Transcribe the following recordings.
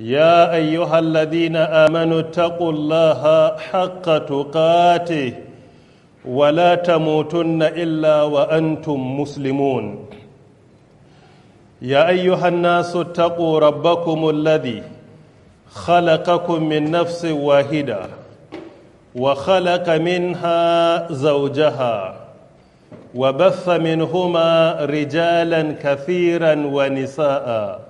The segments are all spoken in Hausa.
يا ايها الذين امنوا اتقوا الله حق تقاته ولا تموتن الا وانتم مسلمون يا ايها الناس اتقوا ربكم الذي خلقكم من نفس واحده وخلق منها زوجها وبث منهما رجالا كثيرا ونساء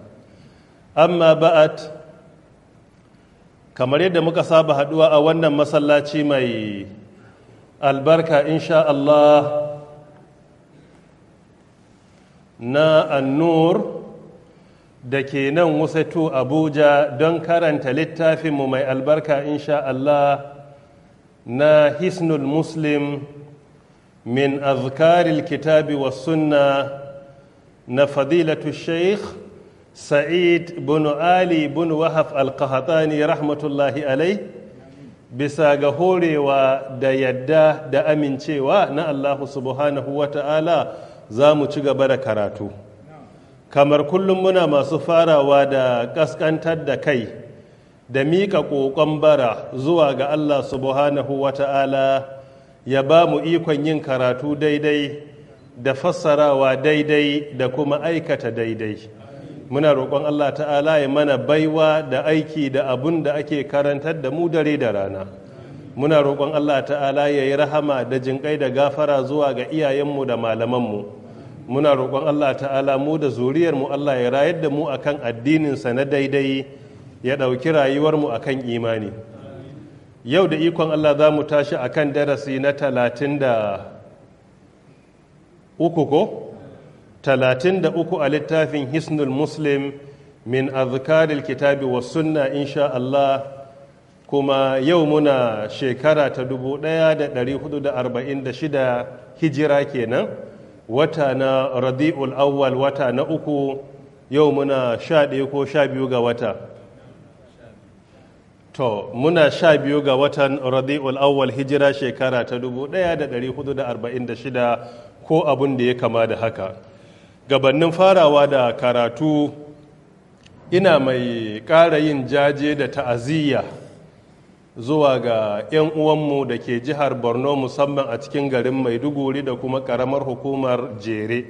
amma ba'at kamar yadda muka saba haduwa a wannan masallaci mai albarka insha Allah na annur da ke nan wasatu abuja don karanta littafinmu mai albarka insha Allah na hisnul muslim min azkaril kitabi wa sunna na fadilatu sheikh sa'id bin ali Wahab wahaf alkahatani rahmatullahi alai bisa ga horewa da yadda da amincewa na allahu subhanahu wa ta'ala za mu ci gaba da karatu kamar kullum muna masu farawa da kaskantar da kai da miƙa ƙoƙon bara zuwa ga allah subhanahu wa ta'ala ya ba mu ikon yin karatu daidai da fassarawa daidai da kuma aikata daidai muna roƙon Allah ta'ala ya mana baiwa da aiki da abun da ake karantar da mu dare da rana muna roƙon Allah ta'ala ya yi rahama da jinƙai da gafara zuwa ga iyayenmu da malamanmu muna roƙon Allah ta'ala mu da zuriyarmu Allah ya rayar da mu akan addininsa na daidai ya ɗauki rayuwarmu akan imani yau da ikon Allah za mu tashi akan darasi na talatin da uku ko? 33 a littafin hisnul muslim min azkaril kitabi wa sunna insha Allah kuma yau muna shekara ta 1446 hijira kenan wata na radi'ul awwal wata na uku yau muna sha ɗaya ko sha biyu ga wata to muna sha biyu ga watan radi'ul awwal hijira shekara ta 1446 ko abin da ya kama da haka gabannin farawa da karatu ina mai ƙara yin jaje da ta'aziyya zuwa ga 'yan uwanmu da ke jihar borno musamman a cikin garin maiduguri da kuma ƙaramar hukumar jere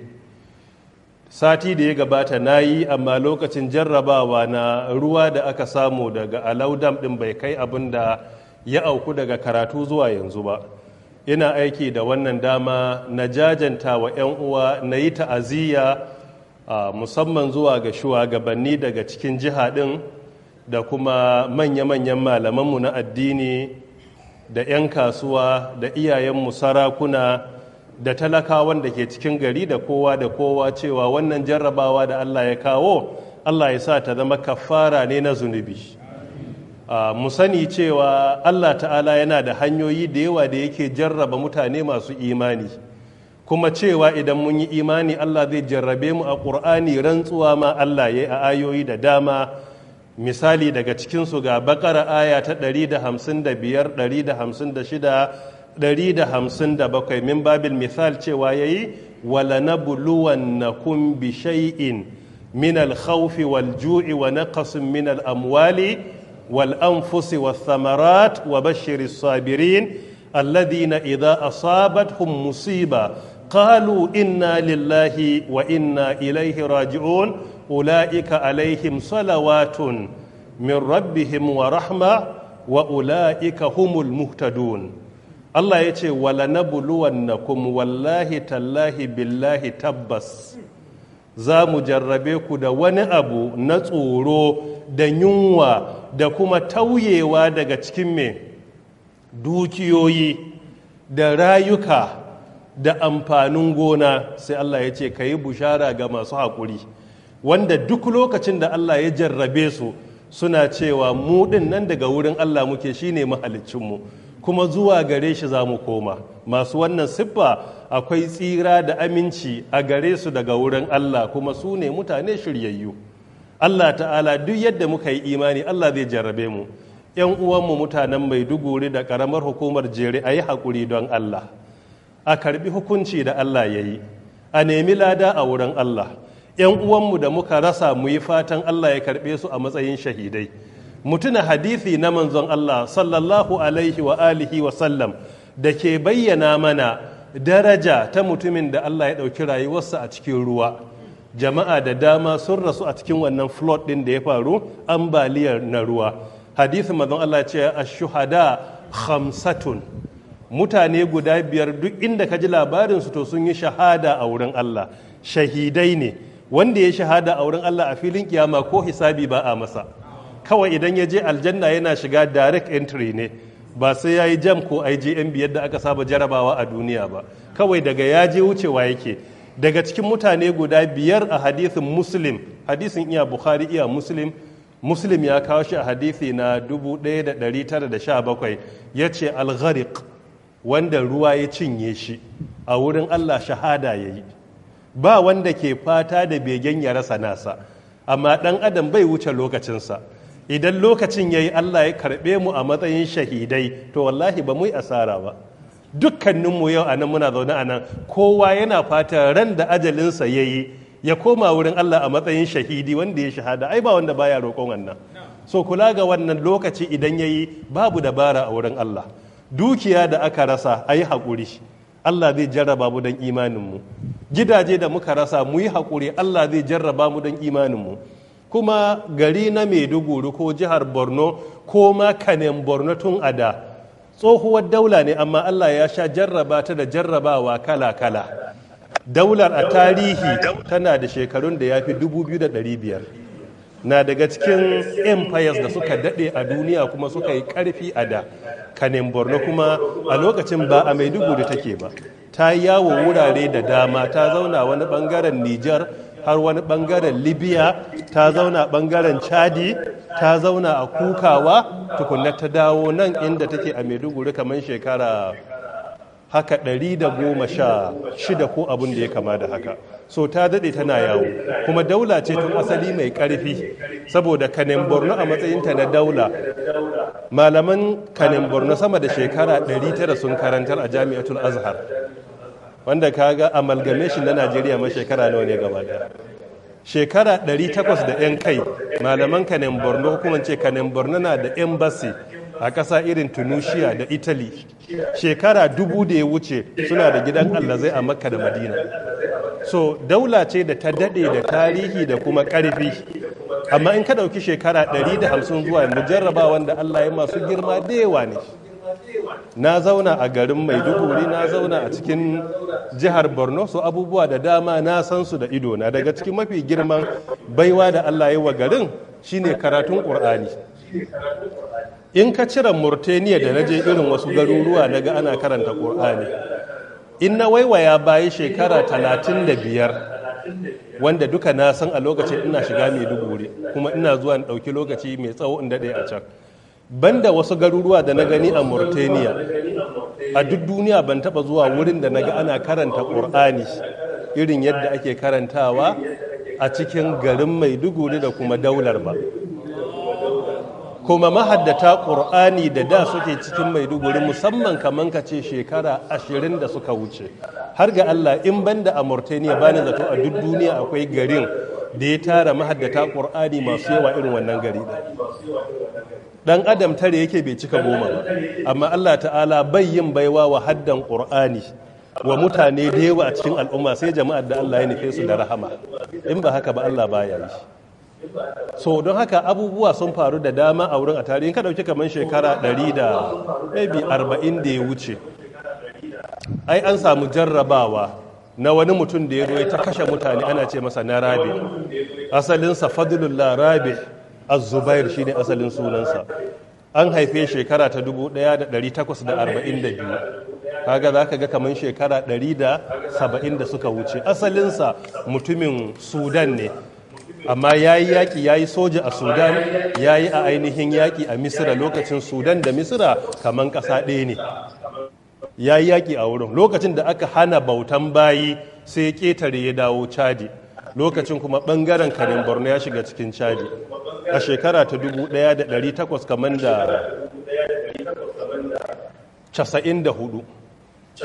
sati da ya gabata na yi amma lokacin jarrabawa na ruwa da aka samu daga alaudam din bai kai abin da ya auku daga karatu zuwa yanzu ba ina aiki da wannan dama na jajanta wa 'yan uwa na yi ta'aziyya musamman zuwa ga shugabanni daga cikin jiha ɗin da kuma manya-manyan malamanmu na addini da 'yan kasuwa da iyayenmu sarakuna da talakawan da ke cikin gari da kowa da kowa cewa wannan jarrabawa da Allah ya kawo Allah ya sa ta zama kafara ne na zunubi Ah, mu sani cewa allah ta'ala yana da hanyoyi da yawa da yake jarraba mutane masu imani kuma cewa idan mun yi imani allah zai jarrabe mu a ƙur'ani rantsuwa ma allah ya yi a ayoyi da dama misali daga cikinsu ga bakara aya ta 155 156 157 min babil misal cewa ya yi, wala nabluwannakum bi shay'in min minal khawfi wal-ju'i wa naqsin min amwali wal anfusi was thamarat wa bashiris sabirin alladhina idza asabatuhum musiba قالوا انا لله وانا اليه راجعون اولئك عليهم صلوات من ربهم ورحمه واولئك هم المهتدون الله يتي ولنبلونكم والله تالله بالله تبس za mu jarrabe ku da wani abu na tsoro da yunwa da kuma tauyewa daga cikin me dukiyoyi da rayuka da amfanin gona sai Allah ya ce ka yi bushara ga masu haƙuri wanda duk lokacin da Allah ya jarrabe su suna cewa mu nan daga wurin Allah muke shine mahalicinmu kuma zuwa gare shi za mu koma masu wannan siffa akwai tsira da aminci a gare su daga wurin Allah kuma su ne mutane shiryayyu Allah ta'ala duk yadda muka yi imani Allah zai jarrabe mu yan uwanmu mutanen maiduguri da karamar hukumar jere a yi haƙuri don Allah a karbi hukunci da Allah ya yi a nemi lada a wurin Allah yan uwanmu da muka rasa mu yi fatan Allah ya karbe su a matsayin shahidai mutuna hadisi na manzon Allah sallallahu alaihi wa alihi wa sallam da ke bayyana mana daraja ta mutumin da Allah ya ɗauki rayuwarsa a cikin ruwa jama'a da dama sun rasu a cikin wannan flood ɗin da ya faru ambaliyar na ruwa hadisi manzon Allah ce ashuhada khamsatun mutane guda biyar duk inda ka ji labarin su to sun yi shahada a wurin Allah shahidai ne wanda ya shahada a wurin Allah a filin kiyama ko hisabi ba a masa kawai idan ya je aljanna yana shiga direct entry ne ba sai ya yi jam ko igmb yadda aka saba jarabawa a duniya ba kawai daga ya je wucewa yake daga cikin mutane guda biyar a hadisin muslim hadisin iya bukhari iya muslim muslim ya kawo shi a hadisi na 1917 ya ce algharik wanda ruwa ya cinye shi a wurin allah shahada ya yi ba wanda ke fata da begen ya rasa nasa amma dan adam bai wuce lokacinsa idan lokacin ya yi Allah ya karɓe mu a matsayin shahidai to wallahi ba mu yi asara ba Dukkaninmu mu yau anan muna zaune anan kowa yana fata ran da ajalinsa ya yi, ya koma wurin Allah a matsayin shahidi wanda ya shahada ai ba wanda baya roƙon wannan so kula ga wannan lokaci idan ya yi, babu dabara a wurin Allah dukiya da aka rasa ayi haƙuri Allah zai jarraba mu don imaninmu gidaje da muka rasa mu yi haƙuri Allah zai jarraba mu don imaninmu kuma gari na maiduguri ko jihar borno ko ma kanin borno tun ada, tsohuwar daula ne amma allah ya sha jarraba ta da jarrabawa kala-kala daular a tarihi tana da shekarun da ya fi 2,500 na daga cikin empires da suka daɗe a duniya kuma suka yi ƙarfi a da kanin borno kuma a lokacin ba a maiduguri take ba ta yi yawo wurare da dama ta zauna wani ɓangaren nijar har wani bangaren libya ta zauna bangaren chadi ta zauna a kukawa tukunna ta dawo nan inda take a maiduguri kamar shekara haka ɗari da goma sha shida ko abin da ya kama da haka so ta daɗe tana yawo kuma daula ce tun asali mai ƙarfi saboda kanin borno a matsayinta na daula malaman kanin borno sama da shekara 900 sun karantar a jami'atul azhar wanda ka kaga amalgamation na Najeriya ma shekara nawa ne gaba daya shekara 800 da yan kai malaman kanin borno hukumar ce kanin borno na da embassy a ƙasa irin tunisia da italy shekara dubu da ya wuce suna da gidan allazai a makka da madina so daula ce da ta daɗe da tarihi da kuma ƙarfi amma in ka ɗauki shekara 150 zuwa mujarraba wanda allah ya masu girma da yawa ne na zauna a garin mai maiduguri na zauna a cikin jihar borno su abubuwa da dama na san su da ido na daga cikin mafi girman baiwa da allah ya wa garin shine karatun ƙur'ani in ka cire murtaniya da na je irin wasu garuruwa daga ana karanta ƙur'ani in na waiwaya bayi shekara talatin da biyar wanda duka na san a lokacin ina shiga mai maiduguri kuma ina zuwa in ɗauki lokaci mai tsawo in daɗe a can banda wasu garuruwa da na gani a Mauritania a duk duniya ban taba zuwa wurin da na ga ana karanta Qur'ani irin yadda ake karantawa a cikin garin Maiduguri da kuma daular ba kuma mahaddata Kur'ani da da suke cikin maiduguri musamman kamar ka ce shekara ashirin da suka wuce har ga allah in banda a mauritania bani zato a duk duniya akwai garin da ya tara mahaddata ƙur'ani masu yawa irin wannan gari dan adam tare yake bai cika goma ba amma Allah ta'ala bai yin baiwa wa haddan qur'ani wa mutane da yawa a cikin al'umma sai jama'ar da Allah ya nufe su da rahama in ba haka ba Allah baya yi so don haka abubuwa sun faru da dama a wurin a tarihin ka dauki kamar shekara 100 da maybe 40 da ya wuce ai an samu jarrabawa na wani mutum da ya zo ya ta kashe mutane ana ce masa na rabi asalinsa fadlullah rabi az-zubair shine asalin sunansa an haife shekara ta 1842 kaga za ka ga kamar shekara 170 da suka wuce asalinsa mutumin sudan ne amma ya yi yaƙi ya yi soja a sudan ya yi a ainihin yaƙi a misira lokacin sudan da misira kamar ƙasa ɗaya ne ya yi yaƙi a wurin lokacin da aka hana bautan bayi sai ƙetare ya dawo chadi lokacin kuma bangaren karin borno ya shiga cikin chadi a shekara ta 1800 kamar da 94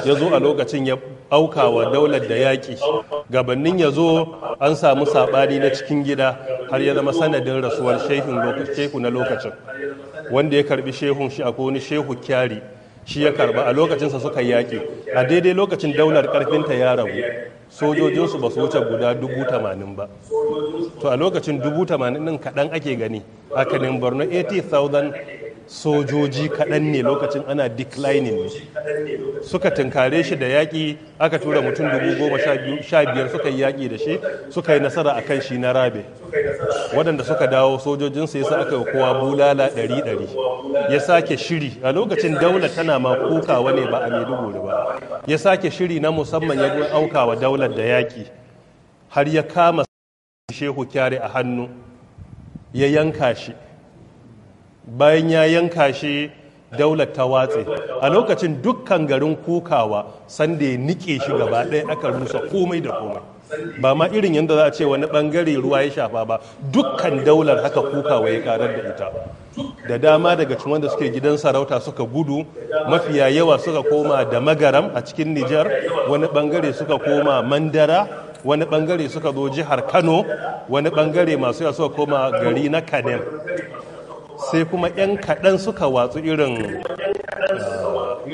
ya zo a lokacin ya auka wa daular da yaƙi gabanin ya zo an samu saɓani na cikin gida har ya zama sanadin rasuwar shehu na lokacin wanda ya karbi shehun shi a wani shehu kyari shi ya karba a lokacin sa suka yaƙi a daidai lokacin daular karfinta ya rabu sojojinsu ba su wuce guda dubu ba to a lokacin dubu tamanin kaɗan ake gani hakanin borno 80,000 sojoji kaɗan ne lokacin ana declining suka tunkare shi da yaƙi aka tura mutum dubu goma sha biyar suka yi yaƙi da shi suka yi nasara a kan shi na rabe waɗanda suka dawo sojojinsa yasa aka yi kowa bulala ɗari ɗari ya sake shiri a lokacin daular tana ma kokawa ne ba a maiduguri ba ya sake shiri na musamman ya auka wa daular da yaƙi har ya kama shehu kyare a hannu ya yanka shi bayan ya yanka shi daular ta watse a lokacin dukkan garin kukawa sanda ya nike shi gaba ɗaya aka rusa komai da komai ba ma irin yadda za a ce wani bangare ruwa ya shafa ba dukkan daular haka kukawa ya karar da ita da dama daga cikin wanda suke gidan sarauta suka gudu mafiya yawa suka koma da magaram a cikin nijar wani bangare suka koma mandara wani bangare suka zo jihar kano wani bangare masu yawa suka koma gari na kanem sai kuma 'yan kaɗan suka watsu irin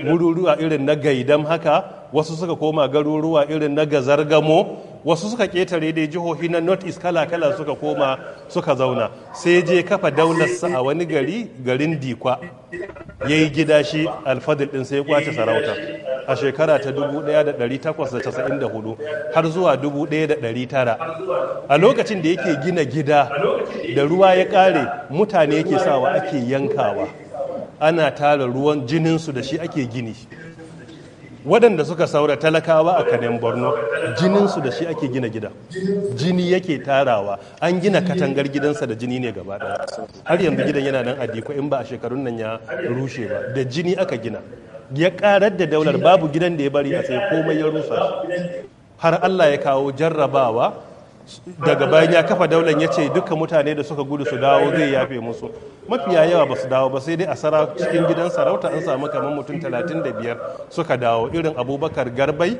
gururuwa eh, irin na gaidam haka wasu suka koma garuruwa irin na gazargamo wasu suka ketare dai jihohi na north east kala kala suka koma suka zauna sai je kafa daularsa a wani gari garin dikwa ya yi gida shi alfadil din sai ya kwace sarauta a shekara ta 1894 har zuwa 1900 a lokacin da yake gina gida da ruwa ya kare mutane yake sawa ake yankawa ana tara ruwan jininsu da shi ake gini waɗanda suka saura talakawa a kanin borno jininsu da shi ake gina gida jini yake tarawa an gina katangar gidansa da jini ne gaba ɗaya har yanzu gidan yana nan adiko in ba a shekarun nan ya rushe ba da jini aka gina ya karar da daular babu gidan da ya bari a sai komai ya rusa har allah ya kawo jarrabawa daga bayan ya kafa daular ya ce dukkan mutane da suka gudu su dawo zai yafe musu mafiya yawa ba su dawo ba sai dai a sara cikin gidan sarauta an samu kamar mutum 35 suka dawo irin abubakar garbai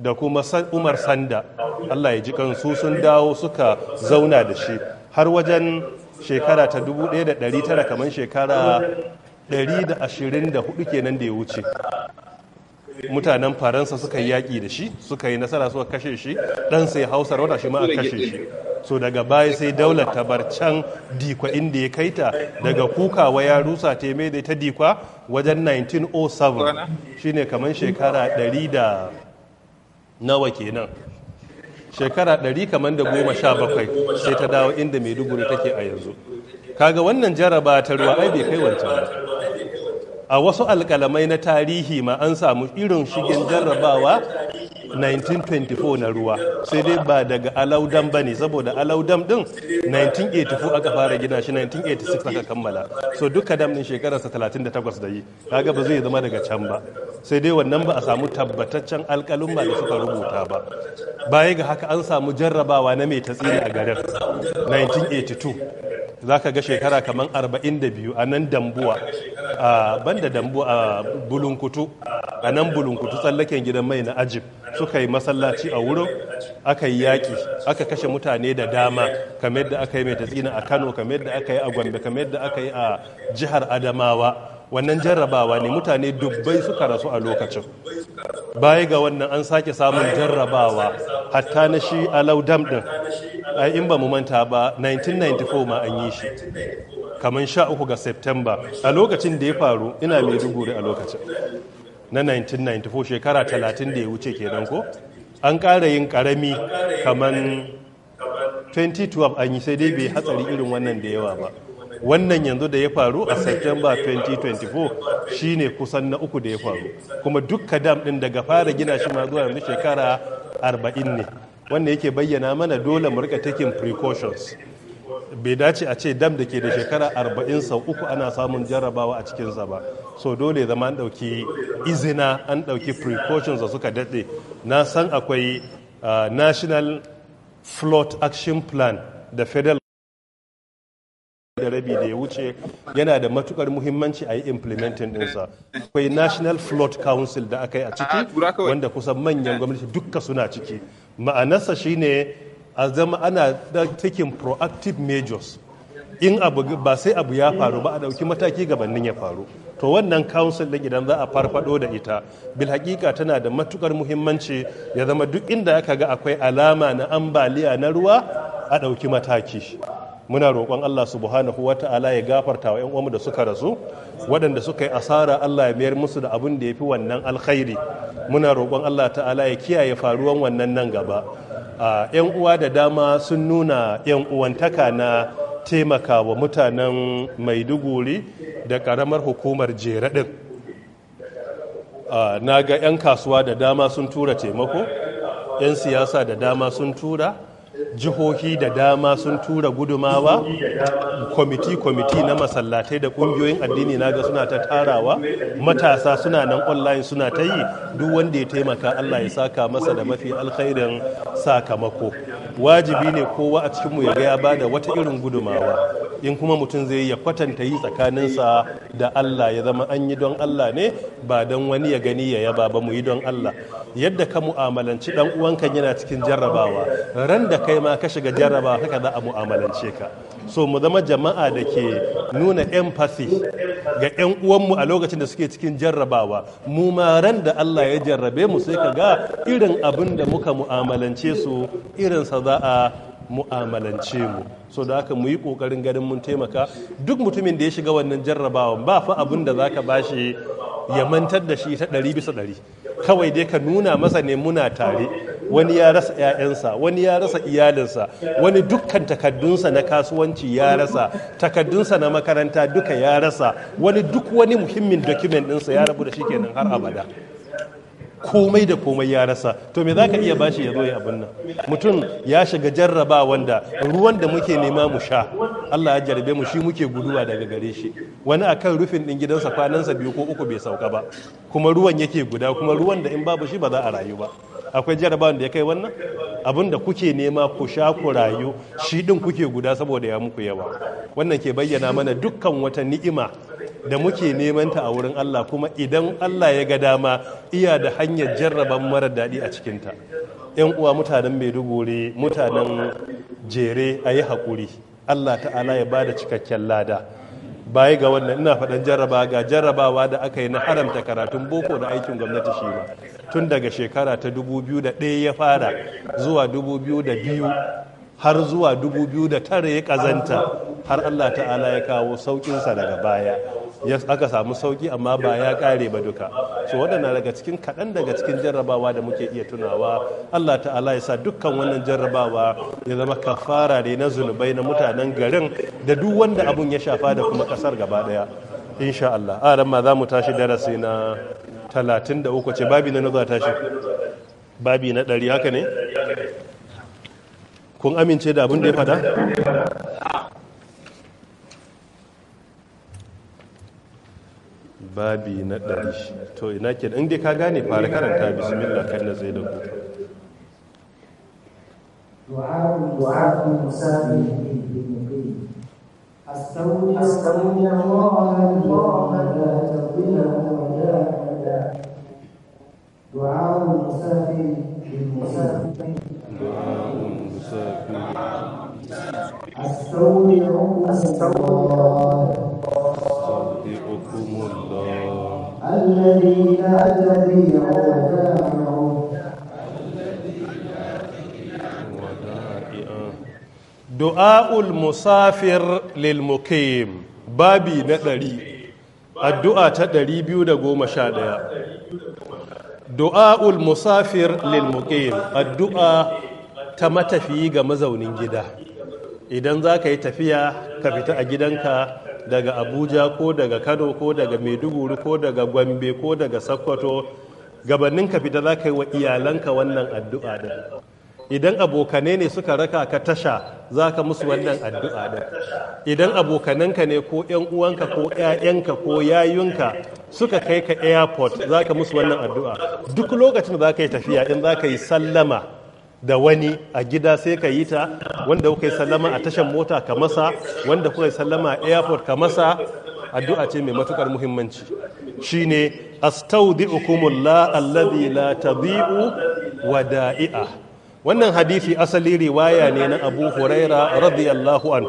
da kuma umar sanda allah ya ji kansu sun dawo suka zauna da shi har wajen shekara ta 1900 kamar shekara 124 kenan da ya wuce mutanen faransa suka yi yaƙi da shi suka yi nasara suka kashe shi ɗan sai hausa rauta shi ma a kashe shi so daga baya sai daular ta bar can dikwa inda ya kai ta daga kukawa ya rusa ta mai da ta dikwa wajen 1907 shine kamar shekara 100 da nawa kenan shekara 100 kamar da goma sha bakwai sai ta dawo inda maiduguri take a yanzu kaga wannan jaraba ta ruwa ai bai kai wancan ba a wasu alƙalamai na tarihi ma an samu irin shigen jarrabawa 1924 na ruwa sai dai ba daga alaudam ba ne saboda alaudam din 1984 aka fara gina shi 1986 aka kammala so duka dam din shekararsa 38 da yi kaga ba zai zama daga can ba sai dai wannan ba a samu tabbataccen alkalin ba da suka rubuta ba baya ga haka an samu jarrabawa na mai tatsiri a garin 1982 za ka ga shekara kamar 42 a nan dambuwa a banda dambuwa a bulunkutu a nan bulunkutu tsallaken gidan mai na ajib suka yi masallaci a wurin aka yi yaƙi aka kashe mutane da dama kamar yadda aka yi mai tatsina a kano kamar yadda aka yi a gombe kamar yadda aka yi a jihar adamawa wannan jarrabawa ne mutane dubbai suka rasu a lokacin baya ga wannan an sake samun jarrabawa hatta na shi alau dam din in ba mu manta ba 1994 ma an yi shi kamar 13 ga september a lokacin da ya faru ina mai duguri a lokacin na 1994 shekara 30 da ya wuce kenan ko an ƙara yin karami kamar 2012 an yi sai dai bai hatsari irin wannan da yawa ba wannan yanzu da ya faru a september 2024 shine kusan na uku da ya faru kuma dukka dam ɗin daga fara gina shi ma zuwa yanzu shekara 40 ne wanda yake bayyana mana dole mu rika taking precautions bai dace a ce dam da ke da shekara arba'in sau uku ana samun jarrabawa a cikinsa ba so dole zama an ɗauki izina an ɗauki precautions da suka daɗe na san akwai ah, national flood action plan da federal da rabi da ya wuce yana da matukar muhimmanci a yi implementing dinsa akwai national flood council da aka yi a ciki wanda kusan manyan gwamnati duka suna ciki ma'anarsa shine a zama ana taking proactive measures in abu ba sai abu ya faru ba a ɗauki mataki gabanin ya faru to wannan council din idan za a farfado da ita bil hakika tana da matukar muhimmanci ya zama duk inda aka ga akwai alama na ambaliya na ruwa a ɗauki mataki muna roƙon Allah subhanahu wa ta'ala ya gafarta wa ƴan uwanmu da suka rasu waɗanda suka yi asara Allah ya mayar musu da abin da ya fi wannan alkhairi muna roƙon Allah ta'ala ya kiyaye faruwan wannan nan gaba 'yan uwa da dama sun nuna 'yan uwantaka na taimaka wa mutanen maiduguri da karamar hukumar jere na ga 'yan kasuwa da dama sun tura taimako 'yan siyasa da dama sun tura jihohi da dama sun tura gudumawa kwamiti-kwamiti na masallatai da kungiyoyin addini naga suna ta tarawa matasa suna nan online suna ta yi duk wanda ya taimaka allah ya saka masa da mafi alkhairin sakamako wajibi ne kowa a cikinmu ya ga ya bada wata irin gudumawa in kuma mutum zai ya kwatanta yi tsakaninsa da allah ya zama an yi don allah ne ba don wani ya gani ya yaba ba mu yi don allah yadda ka mu'amalanci dan uwanka yana cikin jarrabawa ran da ka kai ma ka shiga jarraba kaka za a mu'amalance ka so mu zama jama'a da ke nuna empathy ga 'yan uwanmu a lokacin da suke cikin jarrabawa mu ran da Allah ya jarrabe mu sai ka ga irin abin da muka mu'amalance su irinsa za a mu'amalance mu so da haka mu yi kokarin ganin mun taimaka duk mutumin da ya shiga wannan jarrabawa ba fa abin da zaka bashi ya mantar da shi ta ɗari bisa ɗari kawai dai ka nuna masa ne muna tare wani ya rasa 'ya'yansa wani ya rasa iyalinsa wani dukkan takaddunsa na kasuwanci ya rasa takaddunsa na makaranta duka ya rasa wani duk wani muhimmin document ɗinsa ya rabu da shi kenan har abada komai da komai ya rasa to me za ka iya bashi ya zo ya abin nan mutum ya shiga jarraba wanda ruwan da muke nema mu sha Allah ya jarabe mu shi muke guduwa daga gare shi wani akan rufin din gidansa kwanansa biyu ko uku bai sauka ba kuma ruwan yake guda kuma ruwan da in babu shi ba za a rayu ba akwai jarabawan da ya kai wannan abin da kuke nema ku sha ku rayu shi din kuke guda saboda ya muku yawa wannan ke bayyana mana dukkan wata ni'ima da muke neman ta a wurin Allah kuma idan Allah ya ga dama iya da hanyar jarraban mara daɗi a cikinta yan uwa mutanen maiduguri mutanen jere a yi haƙuri Allah ta'ala ya bada cikakken lada baya ga wannan ina faɗan jarraba ga jarrabawa da aka yi na haramta karatun boko da aikin gwamnati shi ba tun daga shekara ta 2001 ya fara zuwa 2002 har zuwa 2009 ya kazanta har Allah ta'ala ya kawo saukinsa daga baya ya aka samu sauki amma ba ya ƙare ba duka so waɗanda daga cikin kaɗan daga cikin jarrabawa da muke iya tunawa Allah ta'ala ya sa dukkan wannan jarrabawa ya zama kafara ne na zunubai na mutanen garin da duk wanda abun ya shafa da kuma ƙasar gaba ɗaya insha Allah a ma za mu tashi darasi na talatin da uku ce babi na nazo shi babi na ɗari haka ne kun amince da abin da ya fada babi na ɗari to ina ke inda ka gane fara karanta bismillah kan na zai da ku أستودع الله الله لا تضيع ودائعه دعاء المسافر للمسافر دعاء المسافر أستودعكم الله الذي لا تبيع دعاء المسافر للمقيم بابي ندري addu'a ta ɗari biyu da goma sha 211 du'a'ul musafir lil muqim addu'a ta matafiyi ga mazaunin gida idan za ka yi tafiya ka fita a gidanka daga abuja ko daga kano ko daga maiduguri ko daga gombe ko daga sokoto gabanin ka fita za ka yi wa iyalanka wannan addu'a da idan abokanai ne suka raka ka tasha za ka musu wannan addu'a da idan abokananka ne ko ‘yan uwanka ko ‘ya'yanka ko yayunka suka kai ka airport za ka musu wannan addu'a duk lokacin da za ka yi tafiya in za ka yi sallama da wani a gida sai ka yi ta wanda kuka yi sallama a tashan mota ka masa wanda kuka yi sallama a airport ka masa addu'a ce mai matukar muhimmanci shine astaudi'ukumullah alladhi la tadhi'u wada'i'a wannan hadisi asali riwaya ne na abu huraira radiyallahu an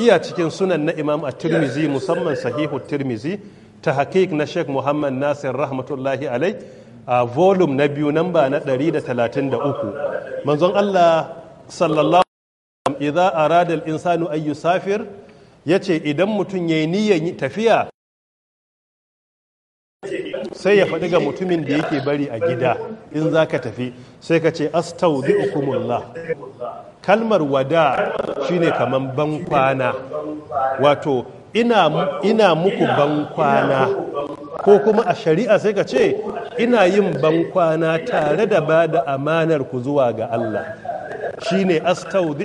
iya cikin sunan na imam a tirmizi musamman sahihu tirmizi ta hakik na sheikh muhammad nasir rahmatullahi alai a volum na biyu namba na 133 manzon allah sallallahu alaihi wasallam arada al-insanu an yusafir yace idan mutum yayi niyyar tafiya sai ya faɗi ga mutumin da yake bari a gida in za ka tafi sai ka ce ukumullah kalmar wada shine kaman bankwana wato ina, ina muku bankwana ko kuma a shari'a sai ka ce ina yin bankwana tare da ba da amanar ku zuwa ga Allah shine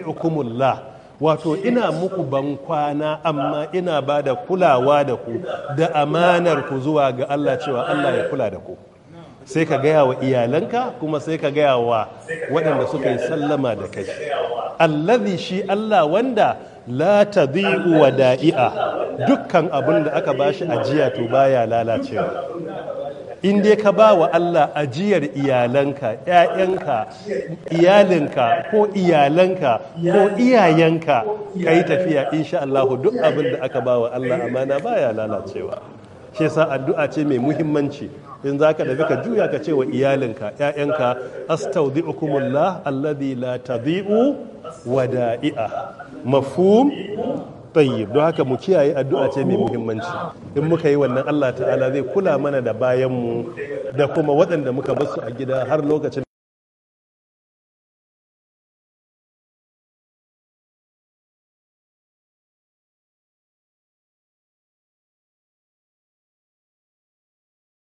ukumullah wato ina muku bankwana amma ina ba da kulawa da ku da amanar ku zuwa ga Allah cewa Allah ya kula da ku sai ka gaya wa iyalanka kuma sai ka gaya wa waɗanda suka yi sallama da kai allazi shi Allah wanda la wa da'ia dukkan abin da aka bashi ajiya to baya lalacewa in dai ka ba wa Allah ajiyar iyalanka ‘ya'yanka iyalinka ko iyalanka ko iyayenka ka yi tafiya insha Allah duk abin da aka ba wa Allah amana baya lalacewa shi sa addu'a ce mai muhimmanci in za ka dafi ka juya ka ce wa iyalinka ‘ya'yanka astaudhi'ukumullah alladhi la wada'i'a mafhum tayyib don haka mu kiyaye addu'a ce mai muhimmanci in muka yi wannan Allah ta'ala zai kula mana da bayan mu da kuma waɗanda muka basu a gida har lokacin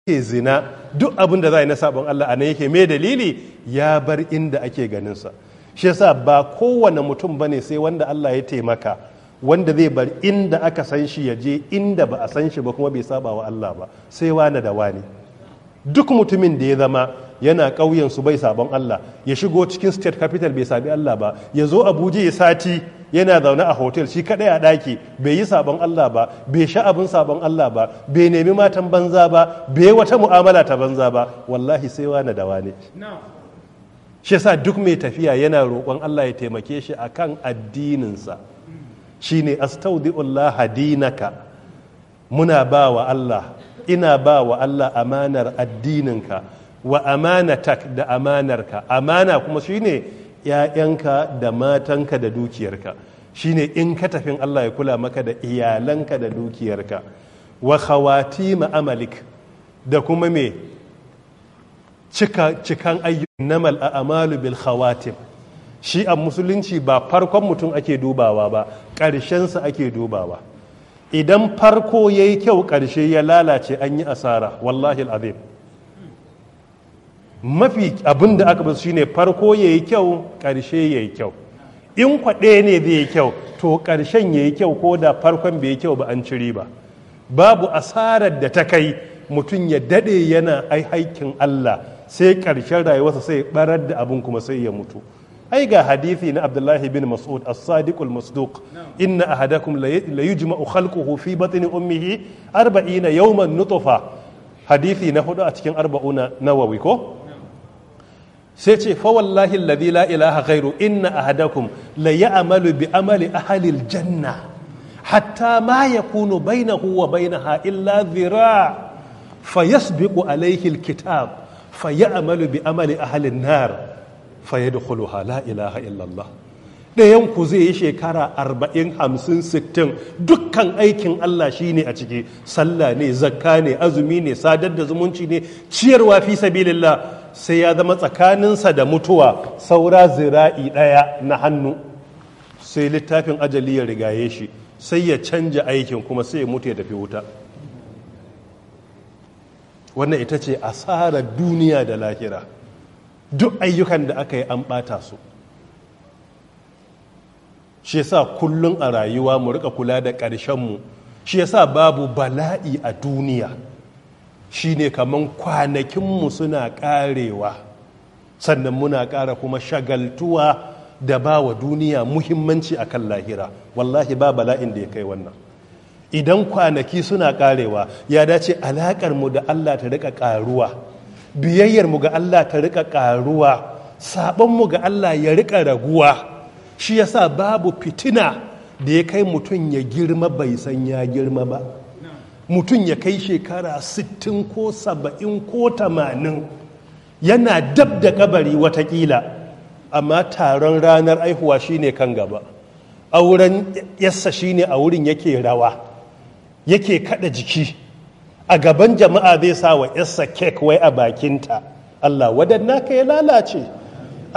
ke zina duk abin da za yi na sabon Allah a nan yake mai dalili ya bar inda ake ganinsa shi yasa ba kowane mutum bane sai wanda Allah ya taimaka wanda zai bar inda aka san shi ya je inda ba a san shi ba kuma bai saba wa Allah ba sai wani da wani duk mutumin da ya zama yana ƙauyen su bai sabon Allah ya shigo cikin state capital bai sabi Allah ba ya zo Abuja ya sati yana zaune a hotel shi kadai a daki bai yi sabon Allah ba bai sha abin sabon Allah ba bai nemi matan banza ba bai wata mu'amala ta banza ba wallahi sai wani da wani shi sa duk mai tafiya yana roƙon Allah ya taimake shi akan addininsa shine astaudi'ullaha dinaka muna ba wa Allah ina ba wa Allah amanar addininka wa amanatak da amanarka amana kuma shine ‘ya'yanka da matanka da dukiyarka shine in ka tafin Allah ya kula maka da iyalanka da dukiyarka wa khawati ma'amalik da kuma me cika cikan ayyukan namal a amalu bil khawatim shi a musulunci ba farkon mutum ake dubawa ba ƙarshensa ake dubawa idan farko ya yi kyau ƙarshe ya lalace an yi asara wallahi al'azim mafi abin da aka basu shine farko ya yi kyau ƙarshe ya yi kyau in kwaɗe ne zai yi kyau to ƙarshen ya yi kyau ko da farkon bai yi kyau ba an ciri ba babu asarar da ta kai mutum ya daɗe yana ai haikin Allah sai ƙarshen rayuwarsa sai ɓarar da abin kuma sai ya mutu ai ga hadisi na abdullahi bin mas'ud as-sadiqul masduq inna ahadakum la yujma'u khalquhu fi batni ummihi 40 yawman nutfa hadisi na hudu a cikin 40 nawawi ko sai ce fa wallahi alladhi la ilaha ghairu inna ahadakum la ya'malu bi amali ahli al-janna hatta ma yakunu bainahu wa bainaha illa dhira' fayasbiqu alayhi al-kitab fayamalu bi amali ahli an-nar fayyadu yadkhuluha la ilaha illallah ɗayan ku zai yi shekara arba'in hamsin sittin dukkan aikin Allah shi ne a ciki sallah ne zakka ne azumi ne sadar da zumunci ne ciyarwa fi sabilillah sai ya zama tsakaninsa da mutuwa saura zira'i ɗaya na hannu sai littafin ajali ya rigaye shi sai ya canja aikin kuma sai ya mutu ya tafi wuta wannan ita ce asarar duniya da lahira duk ayyukan da aka yi an ɓata su shi yasa kullum a rayuwa mu rika kula da ƙarshenmu shi yasa babu bala'i a duniya shi ne kaman kwanakinmu suna ƙarewa sannan muna ƙara kuma shagaltuwa da ba wa duniya muhimmanci a kan lahira wallahi ba bala'in da ya kai wannan idan kwanaki suna ƙarewa ya dace mu da allah ta rika ƙaruwa biyayyar mu ga Allah ta rika karuwa sabon mu ga Allah ya rika raguwa shi yasa babu fitina da ya kai mutum ya girma bai san ya girma ba mutum ya kai shekara 60 ko 70 ko 80 yana dab da kabari watakila amma taron ranar aihuwa shine kan gaba auren yassa shine a wurin yake rawa yake kada jiki a gaban jama'a zai sa wa yassa kek wai a bakinta Allah wadanna ka ya lalace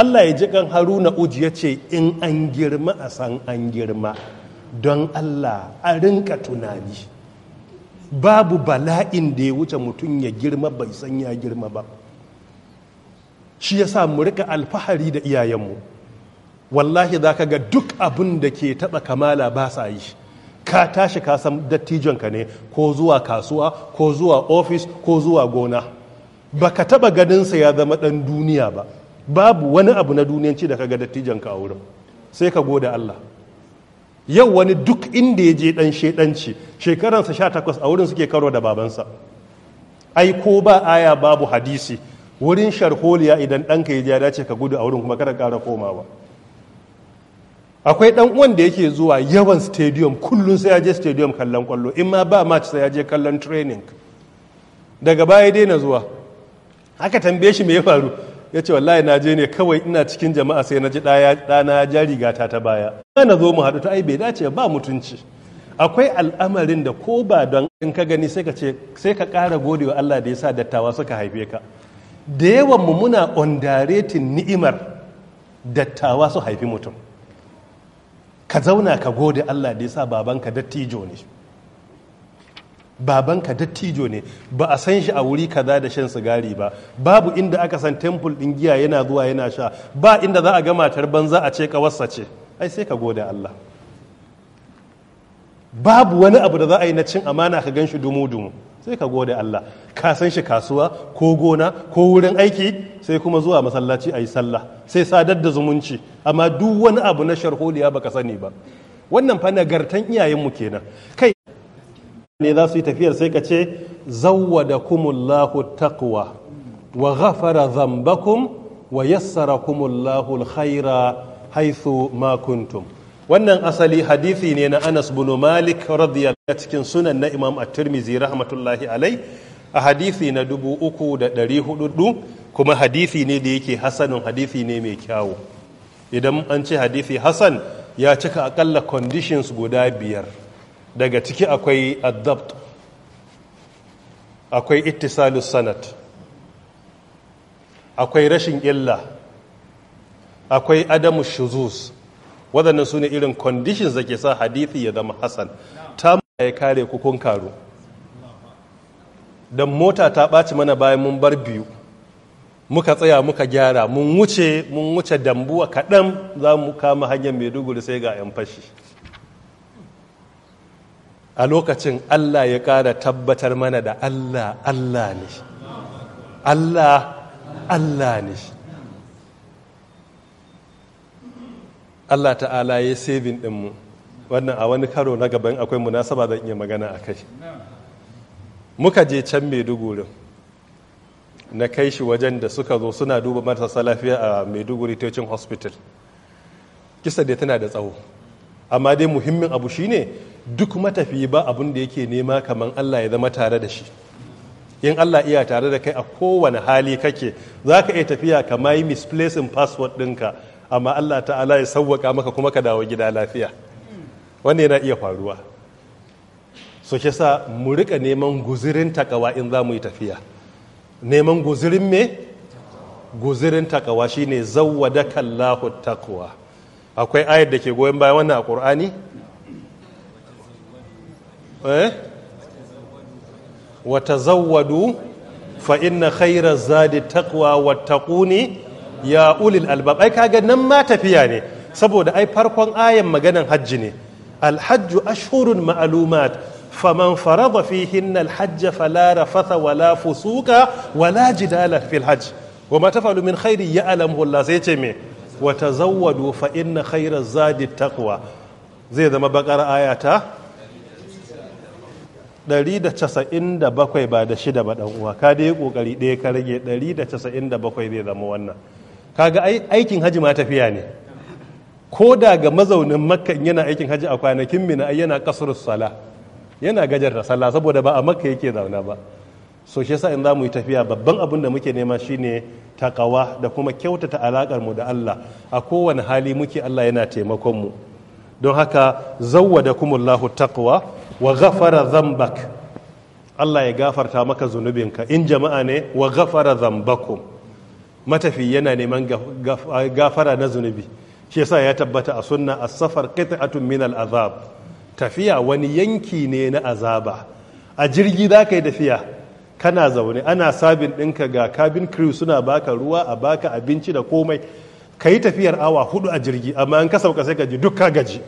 Allah ya ji kan haruna uji ya ce in an girma a san an girma don Allah a rinka tunani babu bala'in da ya wuce mutum ya girma bai san ya girma ba shi ya sa mu rika alfahari da iyayenmu wallahi za ka ga duk abin da ke taɓa kamala ba sa yi ka tashi ka san dattijonka ne ko zuwa kasuwa ko zuwa ofis ko zuwa gona Ba ka taba ganinsa ya zama ɗan duniya ba babu wani abu na duniyanci da ka ga dattijonka a wurin sai ka gode Allah yau wani duk inda ya je dan shedanci shekaransa 18 a wurin suke karo da babansa ai ko ba aya babu hadisi wurin sharholiya idan ɗanka ya je ya dace ka gudu a wurin kuma kada ƙara komawa akwai dan uwan da yake zuwa yawan stadium kullum sai ya je stadium kallon kwallo in ma ba match sai ya je kallon training daga baya na zuwa haka tambaye shi me ya faru ya ce wallahi na je ne kawai ina cikin jama'a sai na ji ɗana ya ja rigata ta baya na zo mu haɗu ta ai bai dace ba mutunci akwai al'amarin da ko ba don in ka gani sai ka ce sai ka ƙara gode wa Allah da ya sa dattawa suka haife ka da yawan mu muna ondaretin ni'imar dattawa su haifi mutum ka zauna ka gode Allah da sa babanka dattijo ne babanka dattijo ne ba a san shi a wuri kaza da shan sigari ba babu inda aka san temple ɗin giya yana zuwa yana sha ba inda za a ga matar banza a ce kawarsa ce ai sai ka gode Allah babu wani abu da za a yi na cin amana ka gan shi dumu-dumu sai ka gode Allah ka san shi kasuwa ko gona ko wurin aiki sai kuma zuwa masallaci a yi sallah sai sadar da zumunci amma duk wani abu na sharholiya baka sani ba wannan fa nagartan iyayenmu kenan kai ne za su yi tafiyar sai ka ce zawwada kumullahu taqwa wa ghafara dhanbakum wa yassara kumullahu alkhaira haythu ma wannan asali hadithi ne na anas bin malik radiyallahu cikin sunan na imam at-tirmidhi rahmatullahi alai a hadithi na dubu uku da ɗari kuma hadithi ne da yake Hassanun hadithi ne mai kyawu idan an ce hadithi hasan ya cika akalla conditions guda biyar daga ciki akwai adabt akwai ittisalus sanad akwai rashin illa akwai adamu shuzuz waɗannan su ne irin conditions da ke sa hadithi ya zama Hassan ta ya kare kukun karu don mota ta ɓaci mana bayan mun bar biyu muka tsaya muka gyara mun wuce mun wuce dambuwa kaɗan za mu kama hanyar maiduguri sai ga 'yan fashi a lokacin allah ya ƙara tabbatar mana da allah allah ne allah allah ne Allah ta'ala ya saving ɗinmu wannan a wani karo na gaban akwai munasaba zan iya magana a kai muka je can maiduguri na kai shi wajen da suka zo suna duba marasa lafiya a maiduguri teaching hospital kisa da tana da tsawo amma dai muhimmin abu shine duk matafi ba abun da yake nema kamar allah ya zama tare da shi in allah iya tare da kai a kowane hali kake za ka iya tafiya kama yi misplacing password ɗinka amma Allah ta'ala ya sauwaka maka kuma ka dawo gida lafiya wanda yana iya faruwa so ke sa mu rika neman guzirin takawa in za mu yi tafiya neman guzirin me guzirin takawa shine da kallahu taqwa akwai ayar da ke goyon bayan wannan a Qur'ani wata eh? wa tazawwadu fa zadi taqwa ƙuni ya ulil albab ai kaga nan ma tafiya ne saboda ai farkon ayan maganan hajji ne alhajju ashhurun ma'lumat faman farada fihin alhajj fala rafatha wala fusuka wala jidala fil hajj wama tafalu min khairi ya'lamu Allah sai ce me wa tazawwadu fa inna khayra zadi taqwa zai zama bakar ayata 197 ba da shida ba dan uwa ka dai kokari ɗaya ka rage 197 zai zama wannan kaga aikin haji ma tafiya ne ko da ga mazaunin makka yana aikin haji a kwanakin mina ai yana kasar sala yana gajar da sallah saboda ba a makka yake zauna ba so shi yasa in za mu yi tafiya babban abin da muke nema shine takawa da kuma kyautata alakar mu da Allah a kowane hali muke Allah yana taimakon mu don haka kumullahu taqwa wa ghafara dhanbak Allah ya gafarta maka zunubinka in jama'a ne wa ghafara dhanbakum matafi yana neman gafara na zunubi shi yasa ya tabbata a sunna a safar qit'atun min al-azab tafiya wani yanki ne na azaba a jirgi za ka yi tafiya kana zaune ana sabin ɗinka ga cabin crew suna baka ruwa a baka abinci da komai ka yi tafiyar awa hudu a jirgi amma an ka sauka sai ka ji duk ka gaji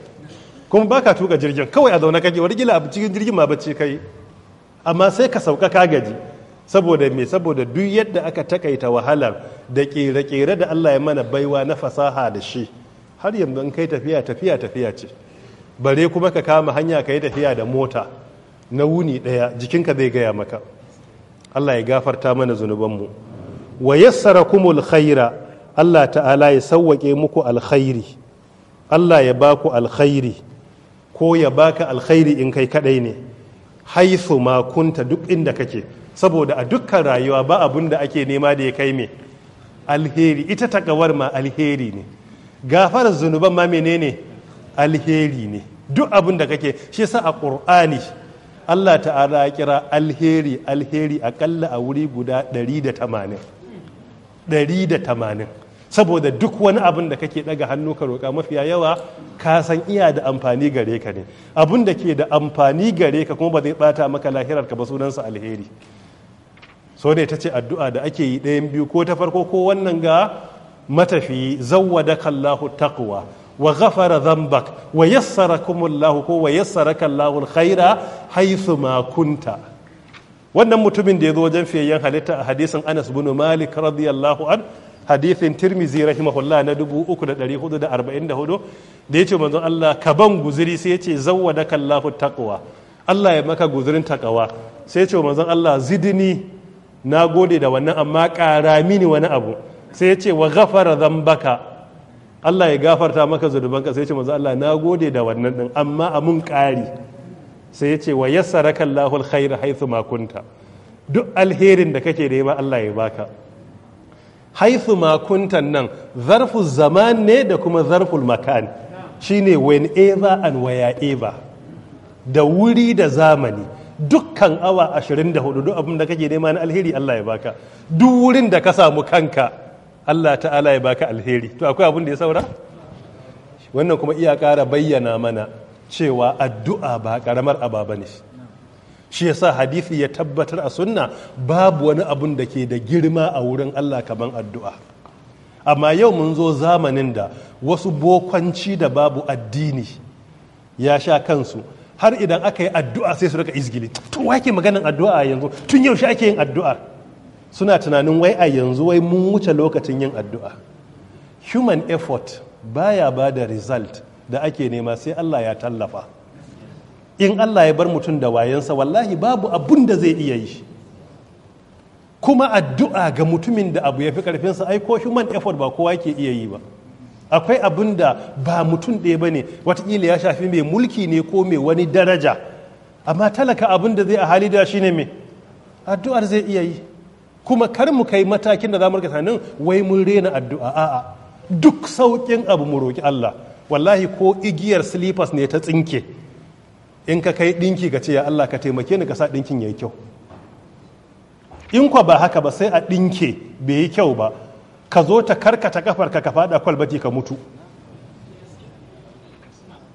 kuma baka tuka jirgin kawai a zaune kake wani gila a cikin jirgin ma bacci kai amma sai ka sauka ka gaji saboda me saboda duk yadda aka takaita wahalar da kere-kere da Allah ya mana baiwa na fasaha da shi har yanzu in kai tafiya tafiya tafiya ce bare kuma ka kama hanya ka yi tafiya da mota na wuni ɗaya jikinka zai gaya maka Allah ya gafarta mana zunubanmu wa yassara kumul khaira Allah ta'ala ya sawwake muku alkhairi Allah ya baku alkhairi ko ya baka alkhairi in kai kadai ne haithu ma kunta duk inda kake saboda a dukkan rayuwa ba abun da ake nema da ya kai me alheri ita takawar ma alheri ne gafarar zunuban ma menene alheri ne duk abun da kake shi sa a ƙur'ani Allah ta'ala ya kira alheri alheri akalla a wuri guda 180 180 saboda duk wani abun da kake daga hannu ka roƙa mafiya yawa ka san iya da amfani gare ka ne Abun da ke da amfani gare ka kuma ba zai bata maka lahirar ka ba sunansa alheri so da ita ce addu'a da ake yi ɗayan biyu ko ta farko ko wannan ga matafi da kallahu taqwa wa ghafara zambak wa yassarakumullahu ko wa yassara kallahu alkhaira ma wannan mutumin da ya zo wajen fiyayyen halitta a hadisin Anas bin Malik radiyallahu an hadisin Tirmizi rahimahullah na 3444 da yace manzo Allah ka ban guziri sai yace zawwadaka Allahu taqwa Allah ya maka guzirin takawa sai ce manzo Allah zidini na gode da wannan amma ƙara mini wani abu sai ya ce wa ghafara zambaka Allah ya gafarta maka zunubanka sai ya ce maza Allah na gode da wannan din amma a mun ƙari sai ya ce wa yassa Allahu alkhair haythu ma makunta duk alherin da kake da ba Allah ya baka haythu makunta nan zarfu zaman ne da kuma zarful makan shine whenever and Eva. da wuri da zamani dukkan awa 24 duk abin da kake nema na alheri Allah ya baka duk wurin da ka samu kanka Allah ta'ala ya baka alheri to akwai abin da ya saura wannan kuma iya kara bayyana mana cewa addu'a ba ƙaramar ababa ne shi yasa hadisi ya tabbatar a sunna babu wani abun da ke da girma a wurin Allah kaman addu'a amma yau mun zo zamanin da wasu bokwanci da babu addini ya sha kansu har idan aka yi addu'a sai su daga izgili to wake maganin addu'a a yanzu tun yaushe ake yin addu'a suna tunanin wai a yanzu wai mun wuce lokacin yin addu'a human effort baya ba da result da ake nema sai Allah ya tallafa in Allah ya bar mutum da wayansa wallahi babu abun da zai iya yi kuma addu'a ga mutumin da abu ya fi karfinsa ai ko human effort ba kowa ke iya yi ba akwai abin da ba mutum ɗaya ba ne watakila ya shafi mai mulki ne ko mai wani daraja amma talaka abin da zai a hali da shi ne mai addu'ar zai iya yi kuma kar mu kai matakin da za mu rika tunanin wai mun rena addu'a a'a duk sauƙin abu mu roƙi Allah wallahi ko igiyar silifas ne ta tsinke in ka kai ɗinki ka ce ya Allah ka taimake ni ka sa ɗinkin ya yi kyau in kwa ba haka ba sai a ɗinke bai yi kyau ba ka zo ta karkata kafar ka ka fada kwalbati ka mutu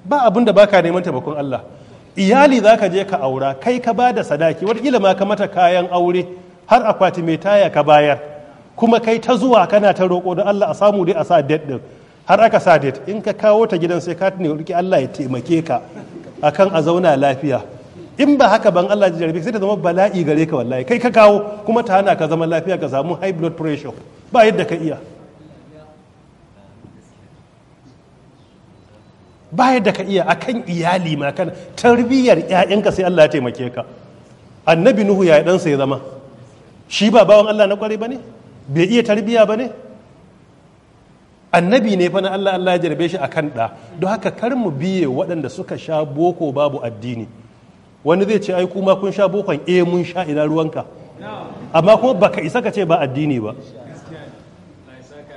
ba abin da baka neman taimakon Allah iyali za ka je ka aura kai ka ba da sadaki kila ma ka mata kayan aure har akwati mai taya ka bayar kuma kai ta zuwa kana ta roƙo da Allah a samu dai a sa det din har aka sa det in ka kawo ta gidan sai ka ne riƙe Allah ya taimake ka akan a zauna lafiya in ba haka ban Allah ya jarabe sai ta zama bala'i gare ka wallahi kai ka kawo kuma ta hana ka zama lafiya ka samu high blood pressure ba yadda ka iya ba yadda ka iya akan iyali ma kana tarbiyyar ƴaƴanka sai Allah ya taimake ka annabi nuhu ya ɗansa ya zama shi ba bawan Allah na kwarai bane bai iya tarbiyya bane annabi ne fa na Allah Allah ya jarbe shi akan ɗa don haka kar mu biye waɗanda suka sha boko babu addini wani zai ce ai kuma kun sha bokon eh mun sha ina ruwanka amma kuma baka isa ka ce ba addini ba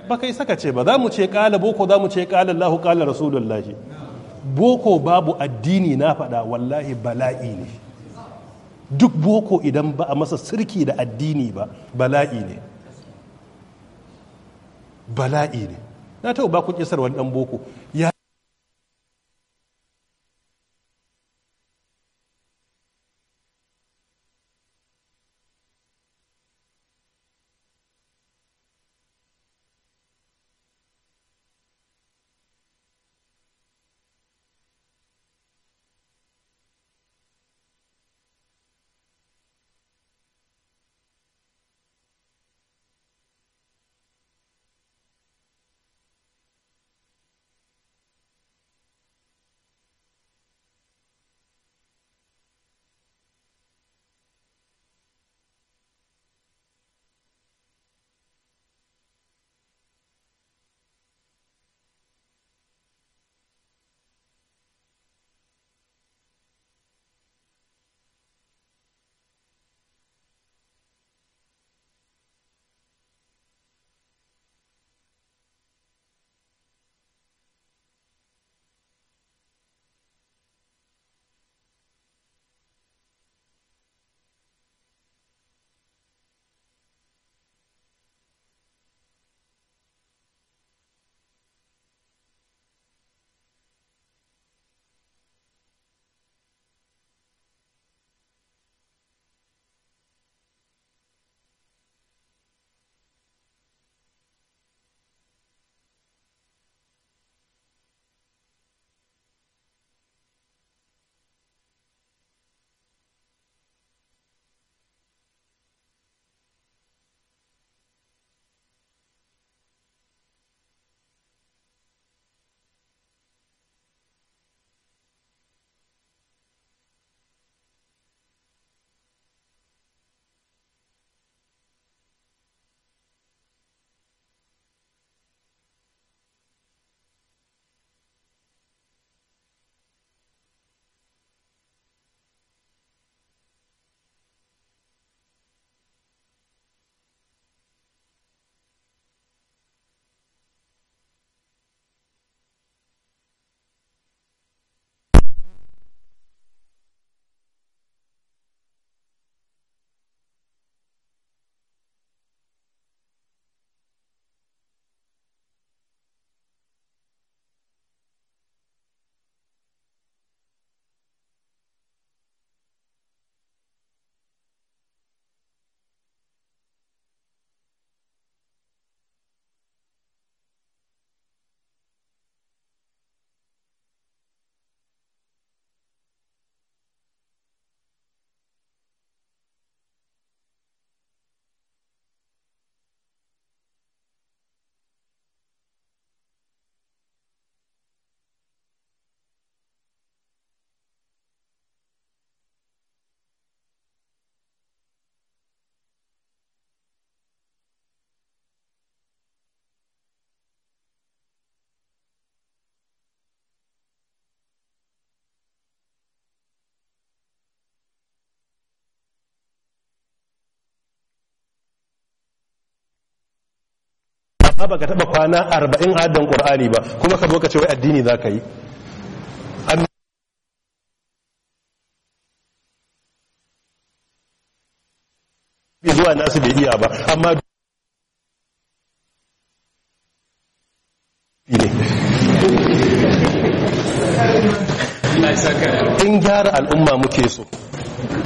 baka kai saka ce ba za mu ce kala boko za mu ce kala Allah kala rasulullahi boko babu addini na fada wallahi bala'i ne duk boko idan ba a masa sirki da addini ba bala'i ne bala'i ne na taɓa ba ku kisar wani dan boko ya aba ka taba kwana arba'in adan qur'ani ba kuma ka zo ka ce wai addini zaka yi bai zuwa nasu bai iya ba amma in gyara al'umma muke so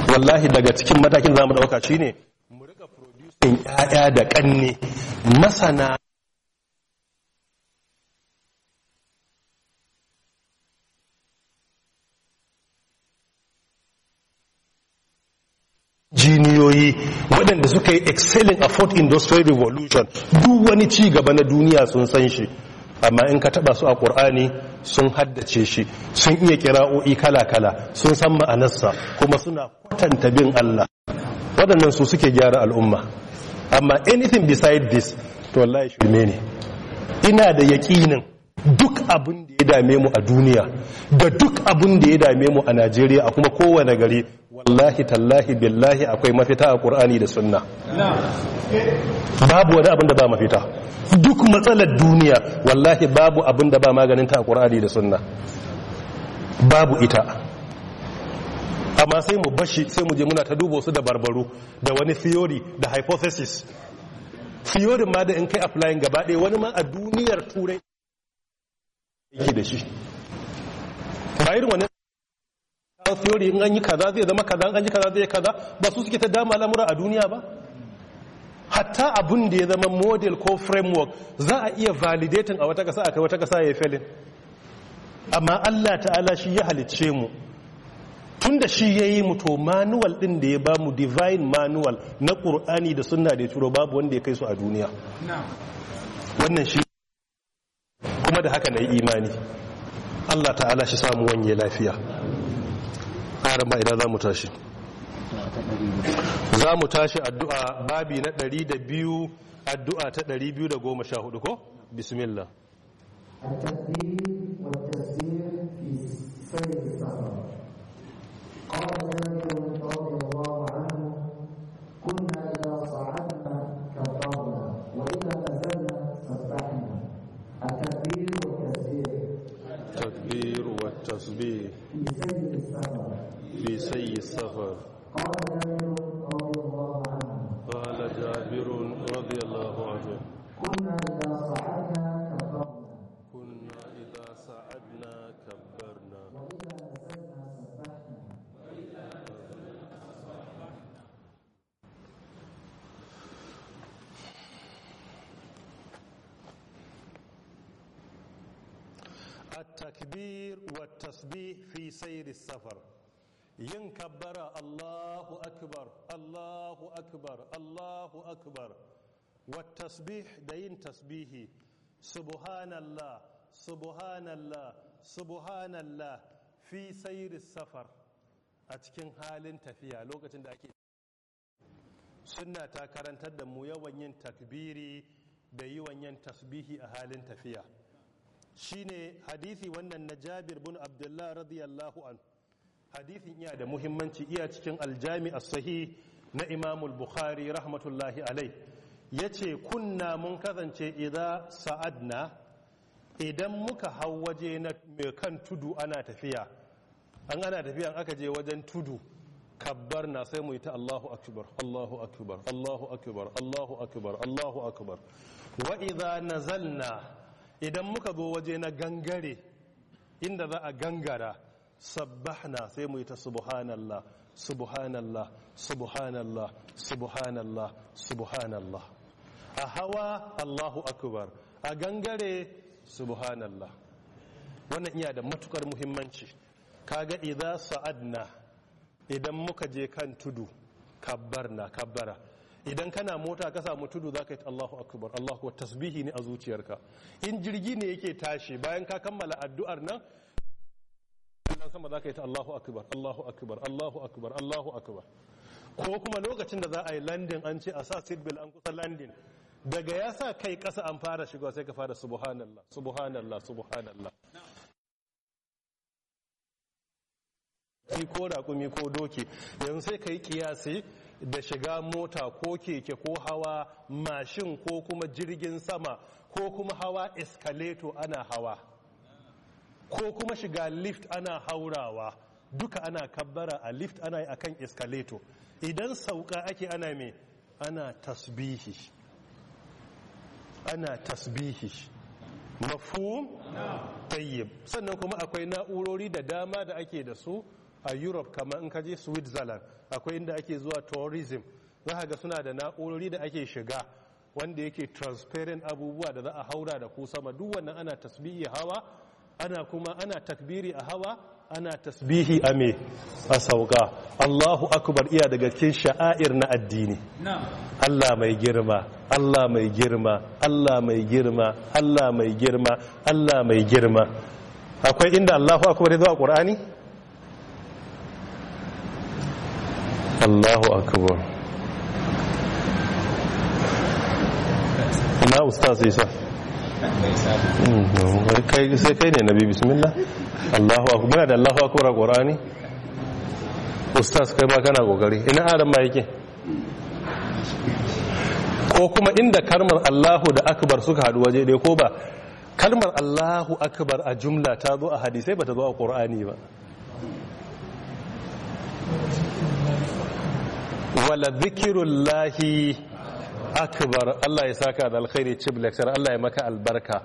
wallahi daga cikin matakin zamu dauka shine mu rika producing 'ya'ya da kanne masana injiniyoyi waɗanda suka yi excelling a fourth industrial revolution duk wani ci gaba na duniya sun san shi amma in ka taba su a ƙur'ani sun haddace shi sun iya kira'o'i kala-kala sun san ma'anarsa kuma suna kwatanta bin Allah waɗannan su suke gyara al'umma amma anything beside this to ya shirme ne ina da yaƙinin duk abin da ya dame mu a duniya da duk abin da ya dame mu a najeriya a kuma kowane gari wallahi tallahi billahi akwai mafita a ƙur'ani da sunna babu wani abin da ba mafita duk matsalar duniya wallahi babu abin da ba maganinta a ƙur'ani da sunna babu ita amma sai mu bashi sai mu je muna ta duba su da barbaro da wani theory da hypothesis theory ma da in kai applying gaba ɗaya wani ma a duniyar turai yake da shi ba irin wani theory in an yi kaza zai zama kaza an yi kaza zai kaza ba su suke ta dama lamura a duniya ba hatta abun da ya zama model ko framework za a iya validating a wata kasa a kai wata kasa ya yi felin amma Allah ta'ala shi ya halicce mu tun da shi ya yi mu manual din da ya ba mu divine manual na ƙur'ani da suna da ya turo babu wanda ya kai su a duniya wannan shi kuma da haka na yi imani allah ta'ala shi samu wani lafiya ƙarar ba idan za mu tashi za mu tashi addu'a babi na 200 addu'a ta 214 ko bismillah السفر قال جابر رضي الله عنه كنا إذا صعدنا كبرنا كنا إذا صعدنا كبرنا وإذا نزلنا سبحنا وإذا نزلنا سبحنا التكبير والتسبيح في سير السفر yin kabbara Allahu akbar Allahu akbar Allahu akbar wa tasbih da yin tasbihi subhanallah subhanallah subhanallah fi sayri safar a cikin halin tafiya lokacin da ake sunna ta karantar da mu yawan yin takbiri da yawan yin tasbihi a halin tafiya shine hadisi wannan na Jabir bin Abdullah radiyallahu anhu hadithin iya da muhimmanci iya cikin aljami sahi na imamul bukhari rahmatullahi alai Ya ce, kunna mun kasance idza sa'adna idan muka hau waje na mai kan tudu ana tafiya an ana tafiya aka je wajen tudu kabbar na sai mu yi ta Allahu akbar Allahu akbar Allahu akbar Allahu akbar Allahu akbar wa na nazalna idan muka zo waje na gangare inda za a gangara sabbahna sai mu yi ta subhanallah subhanallah subhanallah subhanallah subhanallah a hawa Allahu akbar a gangare subhanallah wannan iya da matukar muhimmanci kaga idza sa'adna idan muka je kan tudu kabbarna kabbara idan kana mota ka samu tudu za ka yi Allahu akbar Allahu tasbihi ne a zuciyarka in jirgi ne yake tashi bayan ka kammala addu'ar nan sama za ka yi ta Allahu akbar Allahu akbar Allahu akbar Allahu akbar ko kuma lokacin da za a yi landin an ce a sa sidbil an kusa landin daga ya sa kai ƙasa an fara shiga sai ka fara subhanallah subhanallah subhanallah ko raƙumi ko doki yanzu sai ka yi kiyasi da shiga mota ko keke ko hawa mashin ko kuma jirgin sama ko kuma hawa escalator ana hawa ko kuma shiga lift ana haurawa duka ana kabbara a lift ana yi akan escalator idan sauka ake ana me ana tasbihi ana tasbihi mafu tayyib sannan kuma akwai na'urori da dama da ake da su a Europe kamar in kaje Switzerland akwai inda ake zuwa tourism za ka ga suna da na'urori da ake shiga wanda yake transparent abubuwa da za a haura da ku sama duk wannan ana tasbihi hawa ana kuma ana takbiri a hawa ana tasbihi a me a sauka Allahu akbar iya daga cikin sha'air na addini Allah mai girma Allah mai girma Allah mai girma Allah mai girma Allah mai girma akwai inda Allahu akbar ya zo a Qur'ani Allahu akbar ina ustaz Isa kai mm-hmm. sai kai ne na bi bismillah Allahu akbar yana da Allahu akbar a Qur'ani ustaz kai ba kana kokari ina adam ma yake ko kuma inda kalmar Allahu da akbar suka haɗu waje dai, ko ba kalmar Allahu akbar a jumla ta zo a hadisai ba ta zo a Qur'ani ba wala zikirullahi akbar Allah ya saka da alkhairi chief lecturer Allah ya maka albarka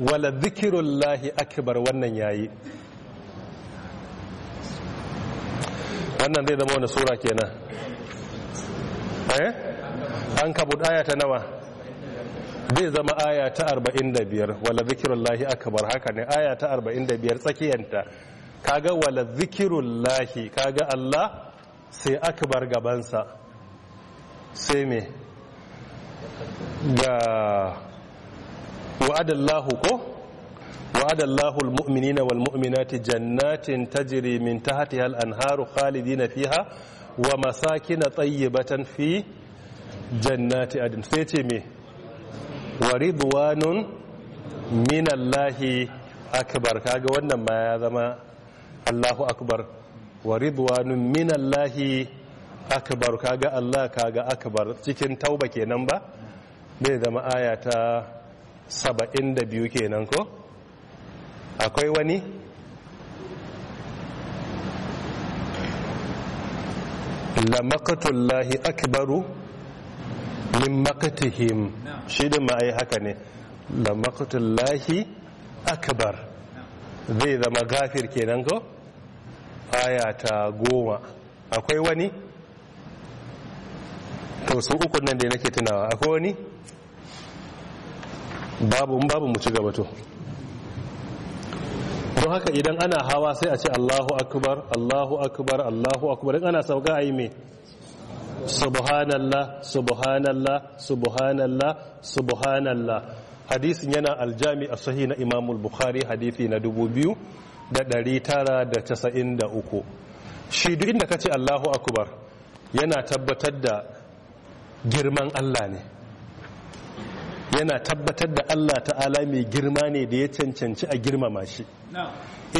wala zikirullahi akbar wannan yayi wannan zai zama wani sura kenan eh an kabud aya ta nawa zai zama aya ta 45 wala zikirullahi akbar haka ne aya ta 45 tsakiyanta kaga wala zikirullahi kaga Allah sai akbar gabansa sai me ga wa'adallahu ko wa'adallahu na walmu'minati jannatin ta min tahtiha al-anharu khalidina fiha wa masakina batan fi jannati adin sai ce me wari ridwanun minallahi akbar kaga wannan ma ya zama Allahu akbar wari ridwanun minallahi akbar kaga Allah kaga akbar cikin tauba kenan ba bai zama aya ta 72 kenan ko akwai wani lamakatullahi akbaru min makatihim shi da ma'ai haka ne lamakatullahi akbar zai zama gafir kenan ko aya ta goma akwai wani to su uku nan da nake tunawa akwai wani babu babu mu ci gaba to don haka idan ana hawa sai a ce Allahu akbar Allahu akbar Allahu akbar ana sauka ayi me subhanallah subhanallah subhanallah subhanallah hadisin yana aljami a sahi na imamul bukhari hadisi na dubu biyu da da tara uku, shi duk inda ka ce allahu akubar yana tabbatar da girman Allah ne yana tabbatar da Allah ta'ala mai girma ne da ya cancanci a girmama shi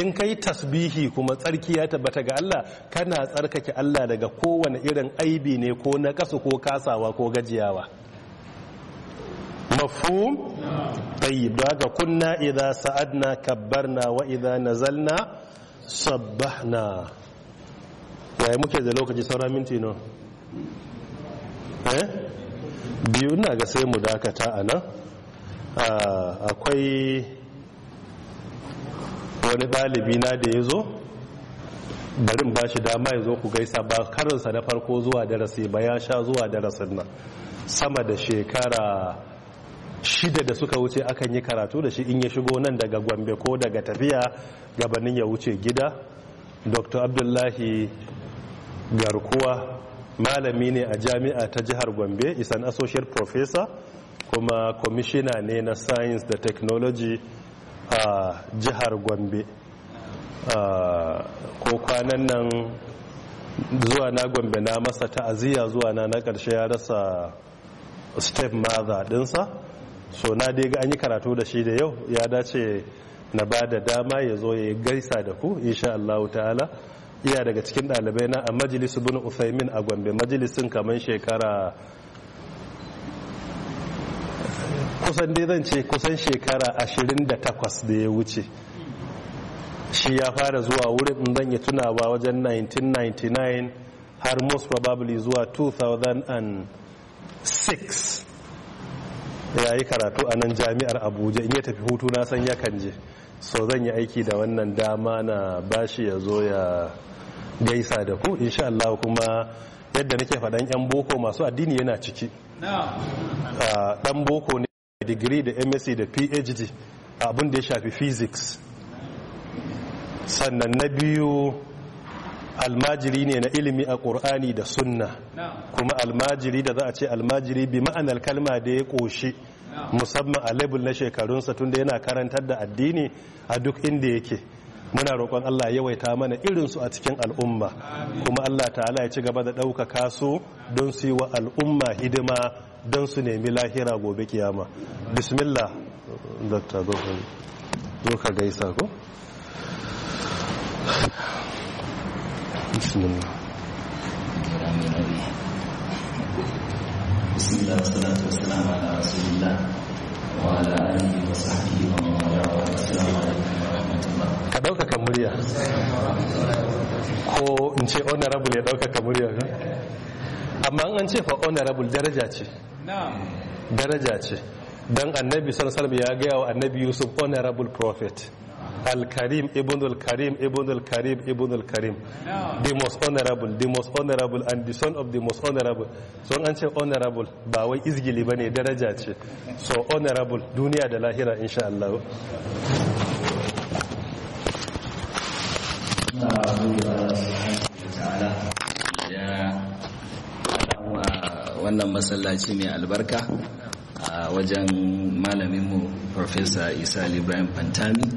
in ka tasbihi kuma tsarki ya tabbata ga Allah kana tsarkake Allah daga kowane irin aibi ne ko na kasu ko kasawa ko gajiyawa mafhum ba ga kunna idza sa'adna kabbarna wa idza nazalna sabbahna yayi muke da lokaci saura minti no Eh? biyu na ga sai mu dakata a nan ah, akwai wani ɗalibi na da ya zo barin ba shi dama ya zo ku gaisa ba karinsa na farko zuwa darasi ba ya sha zuwa darasin nan sama da shekara shida da suka wuce akan yi karatu da shi in ya shigo nan daga gombe ko daga tafiya gabanin ya wuce gida dr abdullahi garkuwa malami ne a jami'a ta jihar gombe Isan an associate professor kuma kwamishina ne na science da technology a jihar gombe ko kwanan nan zuwa na gombe na masa ta'aziyya zuwa na na ƙarshe ya rasa step mother dinsa so na dai ga an yi karatu da shi da yau ya dace na ba da dama ya zo ya gaisa da ku insha Allah ta'ala iya daga cikin ɗalibai na a majalisu bin uthaymin a gombe majalisun kamar shekara kusan dai zan ce kusan shekara 28 da ya wuce shi ya fara zuwa wurin zan yi tunawa wajen 1999 har most probably zuwa 2006 ya yi karatu a nan jami'ar abuja in ya tafi hutu na san yakan je so zan yi aiki da wannan dama na bashi ya zo ya gaisa da ku insha Allah kuma yadda nake faɗan yan boko masu addini yana ciki ah, ɗan boko ne digiri da MSc da PhD abin da ya shafi physics sannan na biyu almajiri ne na ilimi a ƙur'ani da sunna kuma almajiri da za a ce almajiri bi ma'anar kalma da ya ƙoshi musamman a label na shekarunsa tunda yana karantar da addini a duk inda yake muna roƙon Allah yawaita mana irin su a cikin al'umma kuma Allah ta'ala ya ci gaba da ɗaukaka su don su yi wa al'umma hidima don su nemi lahira gobe kiyama bismillah dr gofin zo ka gaisa ko bismillah bismillah ala wa wa wa wa wa ka murya ko in ce honorable ya ɗaukaka murya amma an ce fa honorable daraja ce daraja ce don annabi sallallahu ya gaya wa annabi yusuf honorable prophet al-karim ibn al-karim ibn al-karim ibn al-karim the most honorable the most honorable and the son of the most honorable so an ce honorable ba wai izgili bane daraja ce so honorable duniya da lahira insha Allah wannan masallaci mai albarka a wajen malaminmu Profesa Isa Ibrahim Fantami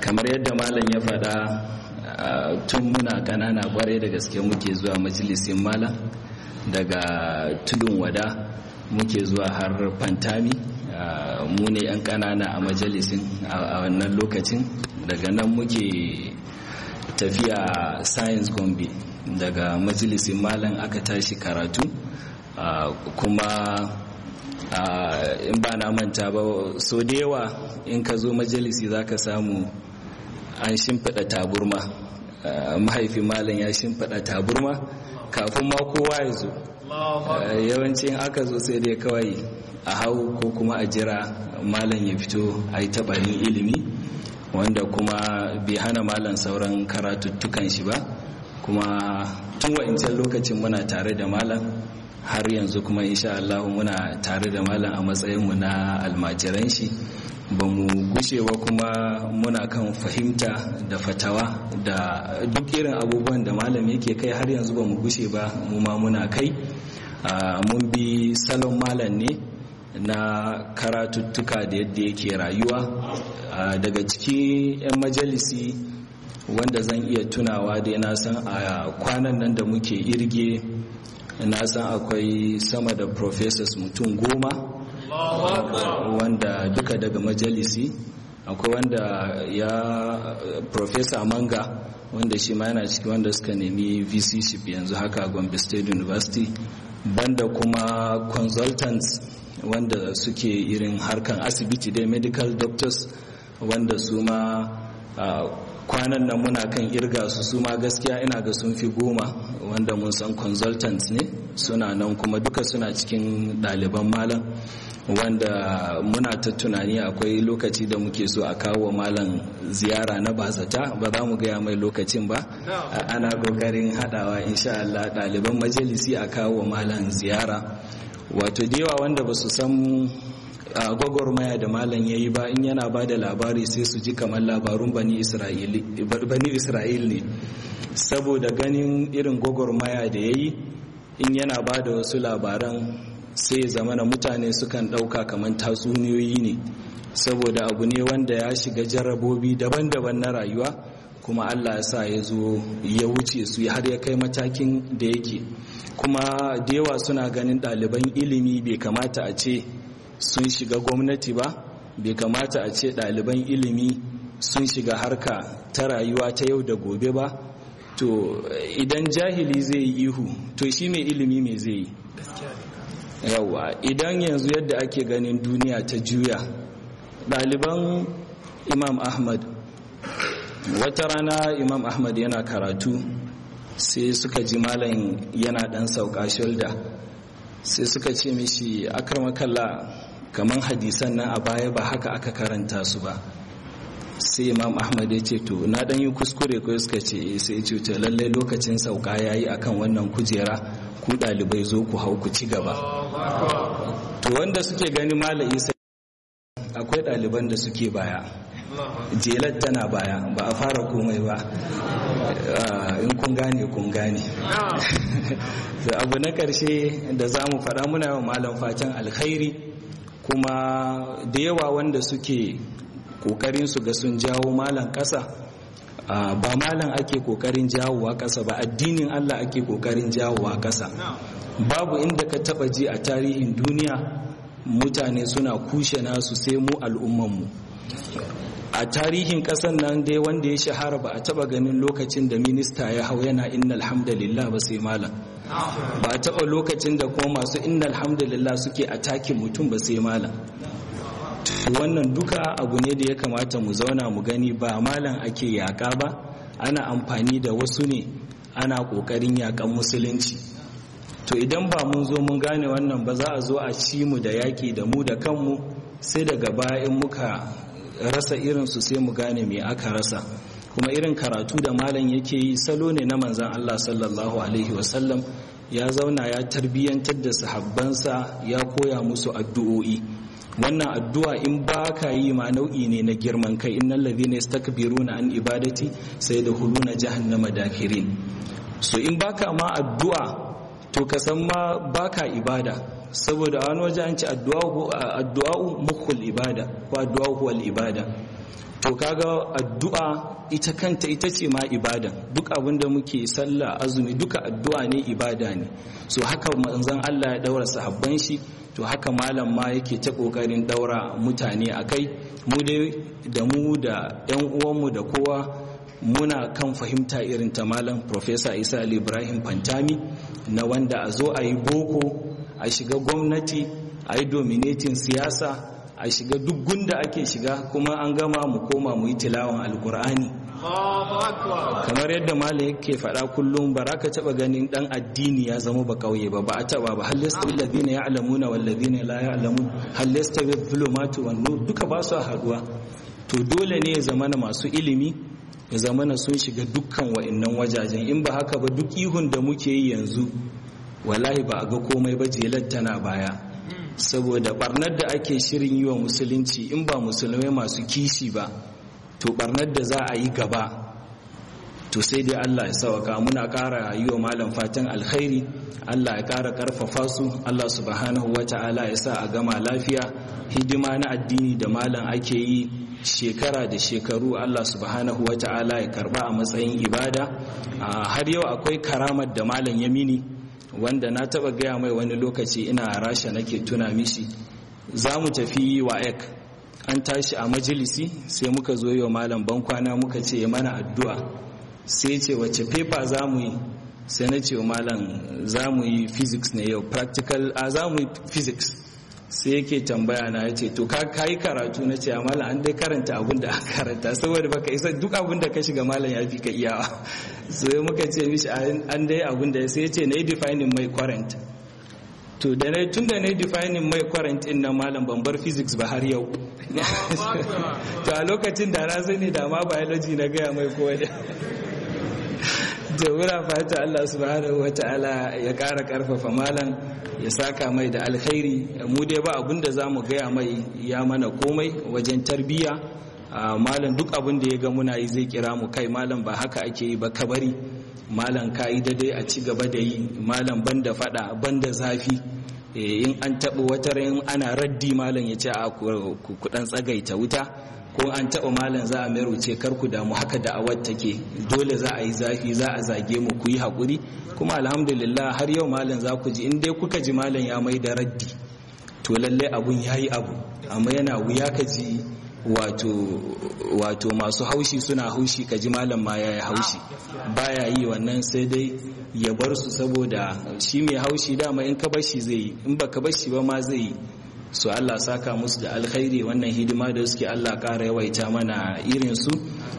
kamar yadda malam ya faɗa tun muna ƙanana kwarai da gaske muke zuwa majalisin malam daga tudun wada muke zuwa har fantami mu ne 'yan ƙanana a majalisin a wannan lokacin daga nan muke tafiya science gombe daga majalisin malam aka tashi karatu kuma in ba na manta ba so da yawa in ka zo majalisi za ka samu an shimfiɗa taburma mahaifin malam ya shimfiɗa taburma kafin ma kowa ya zo yawancin aka zo sai dai kawai a hau ko kuma a jira malam ya fito a yi tabarin ilimi wanda kuma bai hana malam sauran karatuttukan shi ba kuma tun wa'incan lokacin muna tare da malam har yanzu kuma insha Allah muna tare da malam a matsayinmu na almajiran shi ba mu gushe ba kuma muna kan fahimta da fatawa da duk irin abubuwan da malam yake kai har yanzu ba mu gushe ba mu ma muna kai ah, mun bi salon malam ne na karatuttuka da yadda yake rayuwa daga ciki 'yan majalisi wanda zan iya tunawa da na san a kwanan nan da muke irge na san akwai sama da professors mutum goma wanda duka daga majalisi akwai wanda ya professor manga wanda shi ma yana ciki wanda suka nemi vc yanzu haka gombe state university banda kuma consultants wanda suke irin harkan asibiti dai medical doctors wanda su ma kwanan nan muna kan irga su su ma gaskiya ina ga sun fi goma wanda mun san consultants ne suna nan kuma duka suna cikin ɗaliban malam wanda muna ta tunani akwai lokaci da muke so a kawo malam ziyara na bazata ba za mu gaya mai lokacin ba ana kokarin haɗawa insha Allah ɗaliban majalisi a kawo malam ziyara wato dewa wanda ba su san gwagwarmaya da malam ya yi ba in yana ba da labari sai su ji kamar labarun bani isra'il ne saboda ganin irin gwagwarmaya da ya yi in yana ba da wasu labaran sai zamana mutane sukan ɗauka kamar tatsuniyoyi ne saboda abu ne wanda ya shiga jarrabobi daban-daban na rayuwa kuma allah ya sa ya zo ya wuce su har ya kai matakin da yake kuma da yawa suna ganin ɗaliban ilimi bai kamata a ce sun shiga gwamnati ba bai kamata a ce ɗaliban ilimi sun shiga harka ta rayuwa ta yau da gobe ba to idan jahili zai yi ihu to shi mai ilimi mai zai yi yawa idan yanzu yadda ake ganin duniya ta juya ɗaliban imam ahmad wata rana imam ahmad yana karatu sai suka ji malam yana dan sauka shulda sai suka ce mishi makalla, kamar hadisan nan a baya ba haka aka karanta su ba sai imam ahmad ya ce to na dan yi kuskure ko suka ce eh, sai ya ce lallai lokacin sauka yayi akan wannan kujera ku dalibai zo ku hau ku ci gaba to wanda suke gani malam isa akwai daliban da suke baya jelar tana baya ba a fara komai ba ah, in kun gane kun gane abu na karshe da za mu fara muna yawan malam fatan alkhairi kuma da yawa wanda suke kokarin su ga sun jawo malam kasa ah, ba malam ake kokarin jawowa kasa ba addinin allah ake kokarin jawowa kasa babu inda ka taba ji a tarihin duniya mutane suna kushe nasu sai mu al'ummanmu a tarihin ƙasar nan dai wanda ya shahara ba a taba ganin lokacin da minista ya hau yana inna alhamdulillah ba sai malam ba a taba lokacin da kuma masu inna alhamdulillah suke a takin mutum ba sai malam wannan duka abu ne da ya kamata mu zauna mu gani ba malam ake yaƙa ba ana amfani da wasu ne ana kokarin yaƙan musulunci to idan ba mun zo mun gane wannan ba za a zo a ci mu da yaki da mu da kanmu sai daga baya muka rasa irin su sai mu gane me aka rasa kuma irin karatu da malam yake yi salo ne na manzan Allah sallallahu alaihi wasallam ya zauna ya tarbiyyantar da sahabbansa ya koya musu addu'o'i wannan addu'a in ba ka yi ma nau'i ne na girman kai in ne taka biro na an ibadati jihar na madakirin, so in ba ka ma addu'a to ka san ma baka ibada saboda a waje an ci addu'a'u mukul ibada ko addu'a'u huwal ibada to kaga addu'a ita kanta ita ce ma ibada duk abinda muke sallah azumi duka addu'a ne ibada ne so haka manzon Allah ya daura sahabban shi to haka malam ma yake ta kokarin daura mutane akai mu dai da mu da yan uwanmu da kowa muna kan fahimta irin ta malam professor isa ali ibrahim fantami na wanda a zo a yi boko a shiga gwamnati a yi dominatin siyasa a shiga duk gunda ake shiga kuma an gama mu koma mu yi tilawan alkur'ani kamar yadda malam yake faɗa kullum ba ka taɓa ganin ɗan addini ya zama ba kauye ba ba a taɓa ba ya alamuna ya'lamuna walladhina la ya'lamun halasta bil zulumati wan nur duka ba su haduwa to dole ne ya zama masu ilimi ya zamana sun shiga dukkan wa'annan wajajen in ba haka ba duk ihun da muke yi yanzu wallahi ba a ga komai ba jelar tana baya saboda barnar da ake shirin yi wa musulunci in ba musulmai masu kishi ba to barnar da za a yi gaba to sai dai Allah ya sauka muna ƙara yi wa malam fatan alkhairi Allah ya ƙara ƙarfafa su Allah subhanahu wata'ala ya sa a gama lafiya hidima na addini da malam ake yi shekara da shekaru Allah subhanahu wata'ala ya karba a matsayin ibada har yau akwai karamar da malam ya mini wanda na taba gaya mai wani lokaci ina rasha nake tuna mishi za mu tafi wa ek an tashi a majalisi sai muka zo wa malam bankwana muka ce mana addu'a sai ce wace paper za mu yi sai na ce malam za mu yi physics ne yau practical a za mu yi physics sai yake tambaya na ya ce to ka yi karatu na ce malam an dai karanta abin da an karanta saboda baka isa duk abin da ka shiga malam ya fi ka iyawa sai muka ce mishi an dai abin da sai ya ce na yi defining mai current to da na tun da na yi defining mai current in na malam ban bar physics ba har yau to a lokacin da na sani da ma biology na gaya mai kowai to muna fata Allah subhanahu wataala ya kara karfafa malam ya saka mai da alkhairi mu dai ba abun da mu gaya mai ya mana komai wajen tarbiyya ah, malam duk abin da ya ga muna yi zai kira mu kai malam ba haka ake yi ba ka bari malam ka yi a ci gaba da yi malam banda fada banda zafi eh, in an taɓa wata ran ana raddi malam ya ce a kudan tsagaita wuta ko an taɓa malam za a mayar wuce kar ku damu haka da da'awar take dole za a yi zafi za a zage mu ku yi haƙuri kuma alhamdulillah har yau malam za ku ji in dai kuka ji malam ya mai da raddi to lallai abun ya yi abu amma yana wuya ka ji wato masu haushi suna haushi ka ji malam ma ya yi haushi baya yi wannan sai dai ya bar su saboda shi mai haushi dama in ka bar zai yi in baka bar shi ba ma zai yi su Allah saka musu da alkhairi wannan hidima da suke Allah ƙara yawaita mana irin su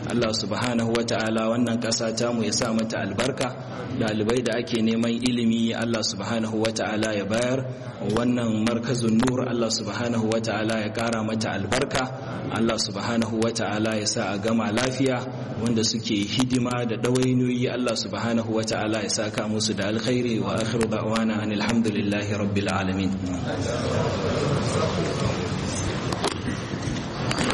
Allah subhanahu wata'ala wannan ƙasa ta mu ya sa mata albarka dalibai da ake neman ilimi Allah subhanahu wata'ala ya bayar wannan markazun nur Allah subhanahu wata'ala ya ƙara mata albarka Allah subhanahu wata'ala ya sa a gama lafiya wanda suke hidima da ɗawainoyi Allah subhanahu wata'ala ya saka musu da alkhairi wa akhiru da'wana anil hamdulillahi rabbil alamin はい。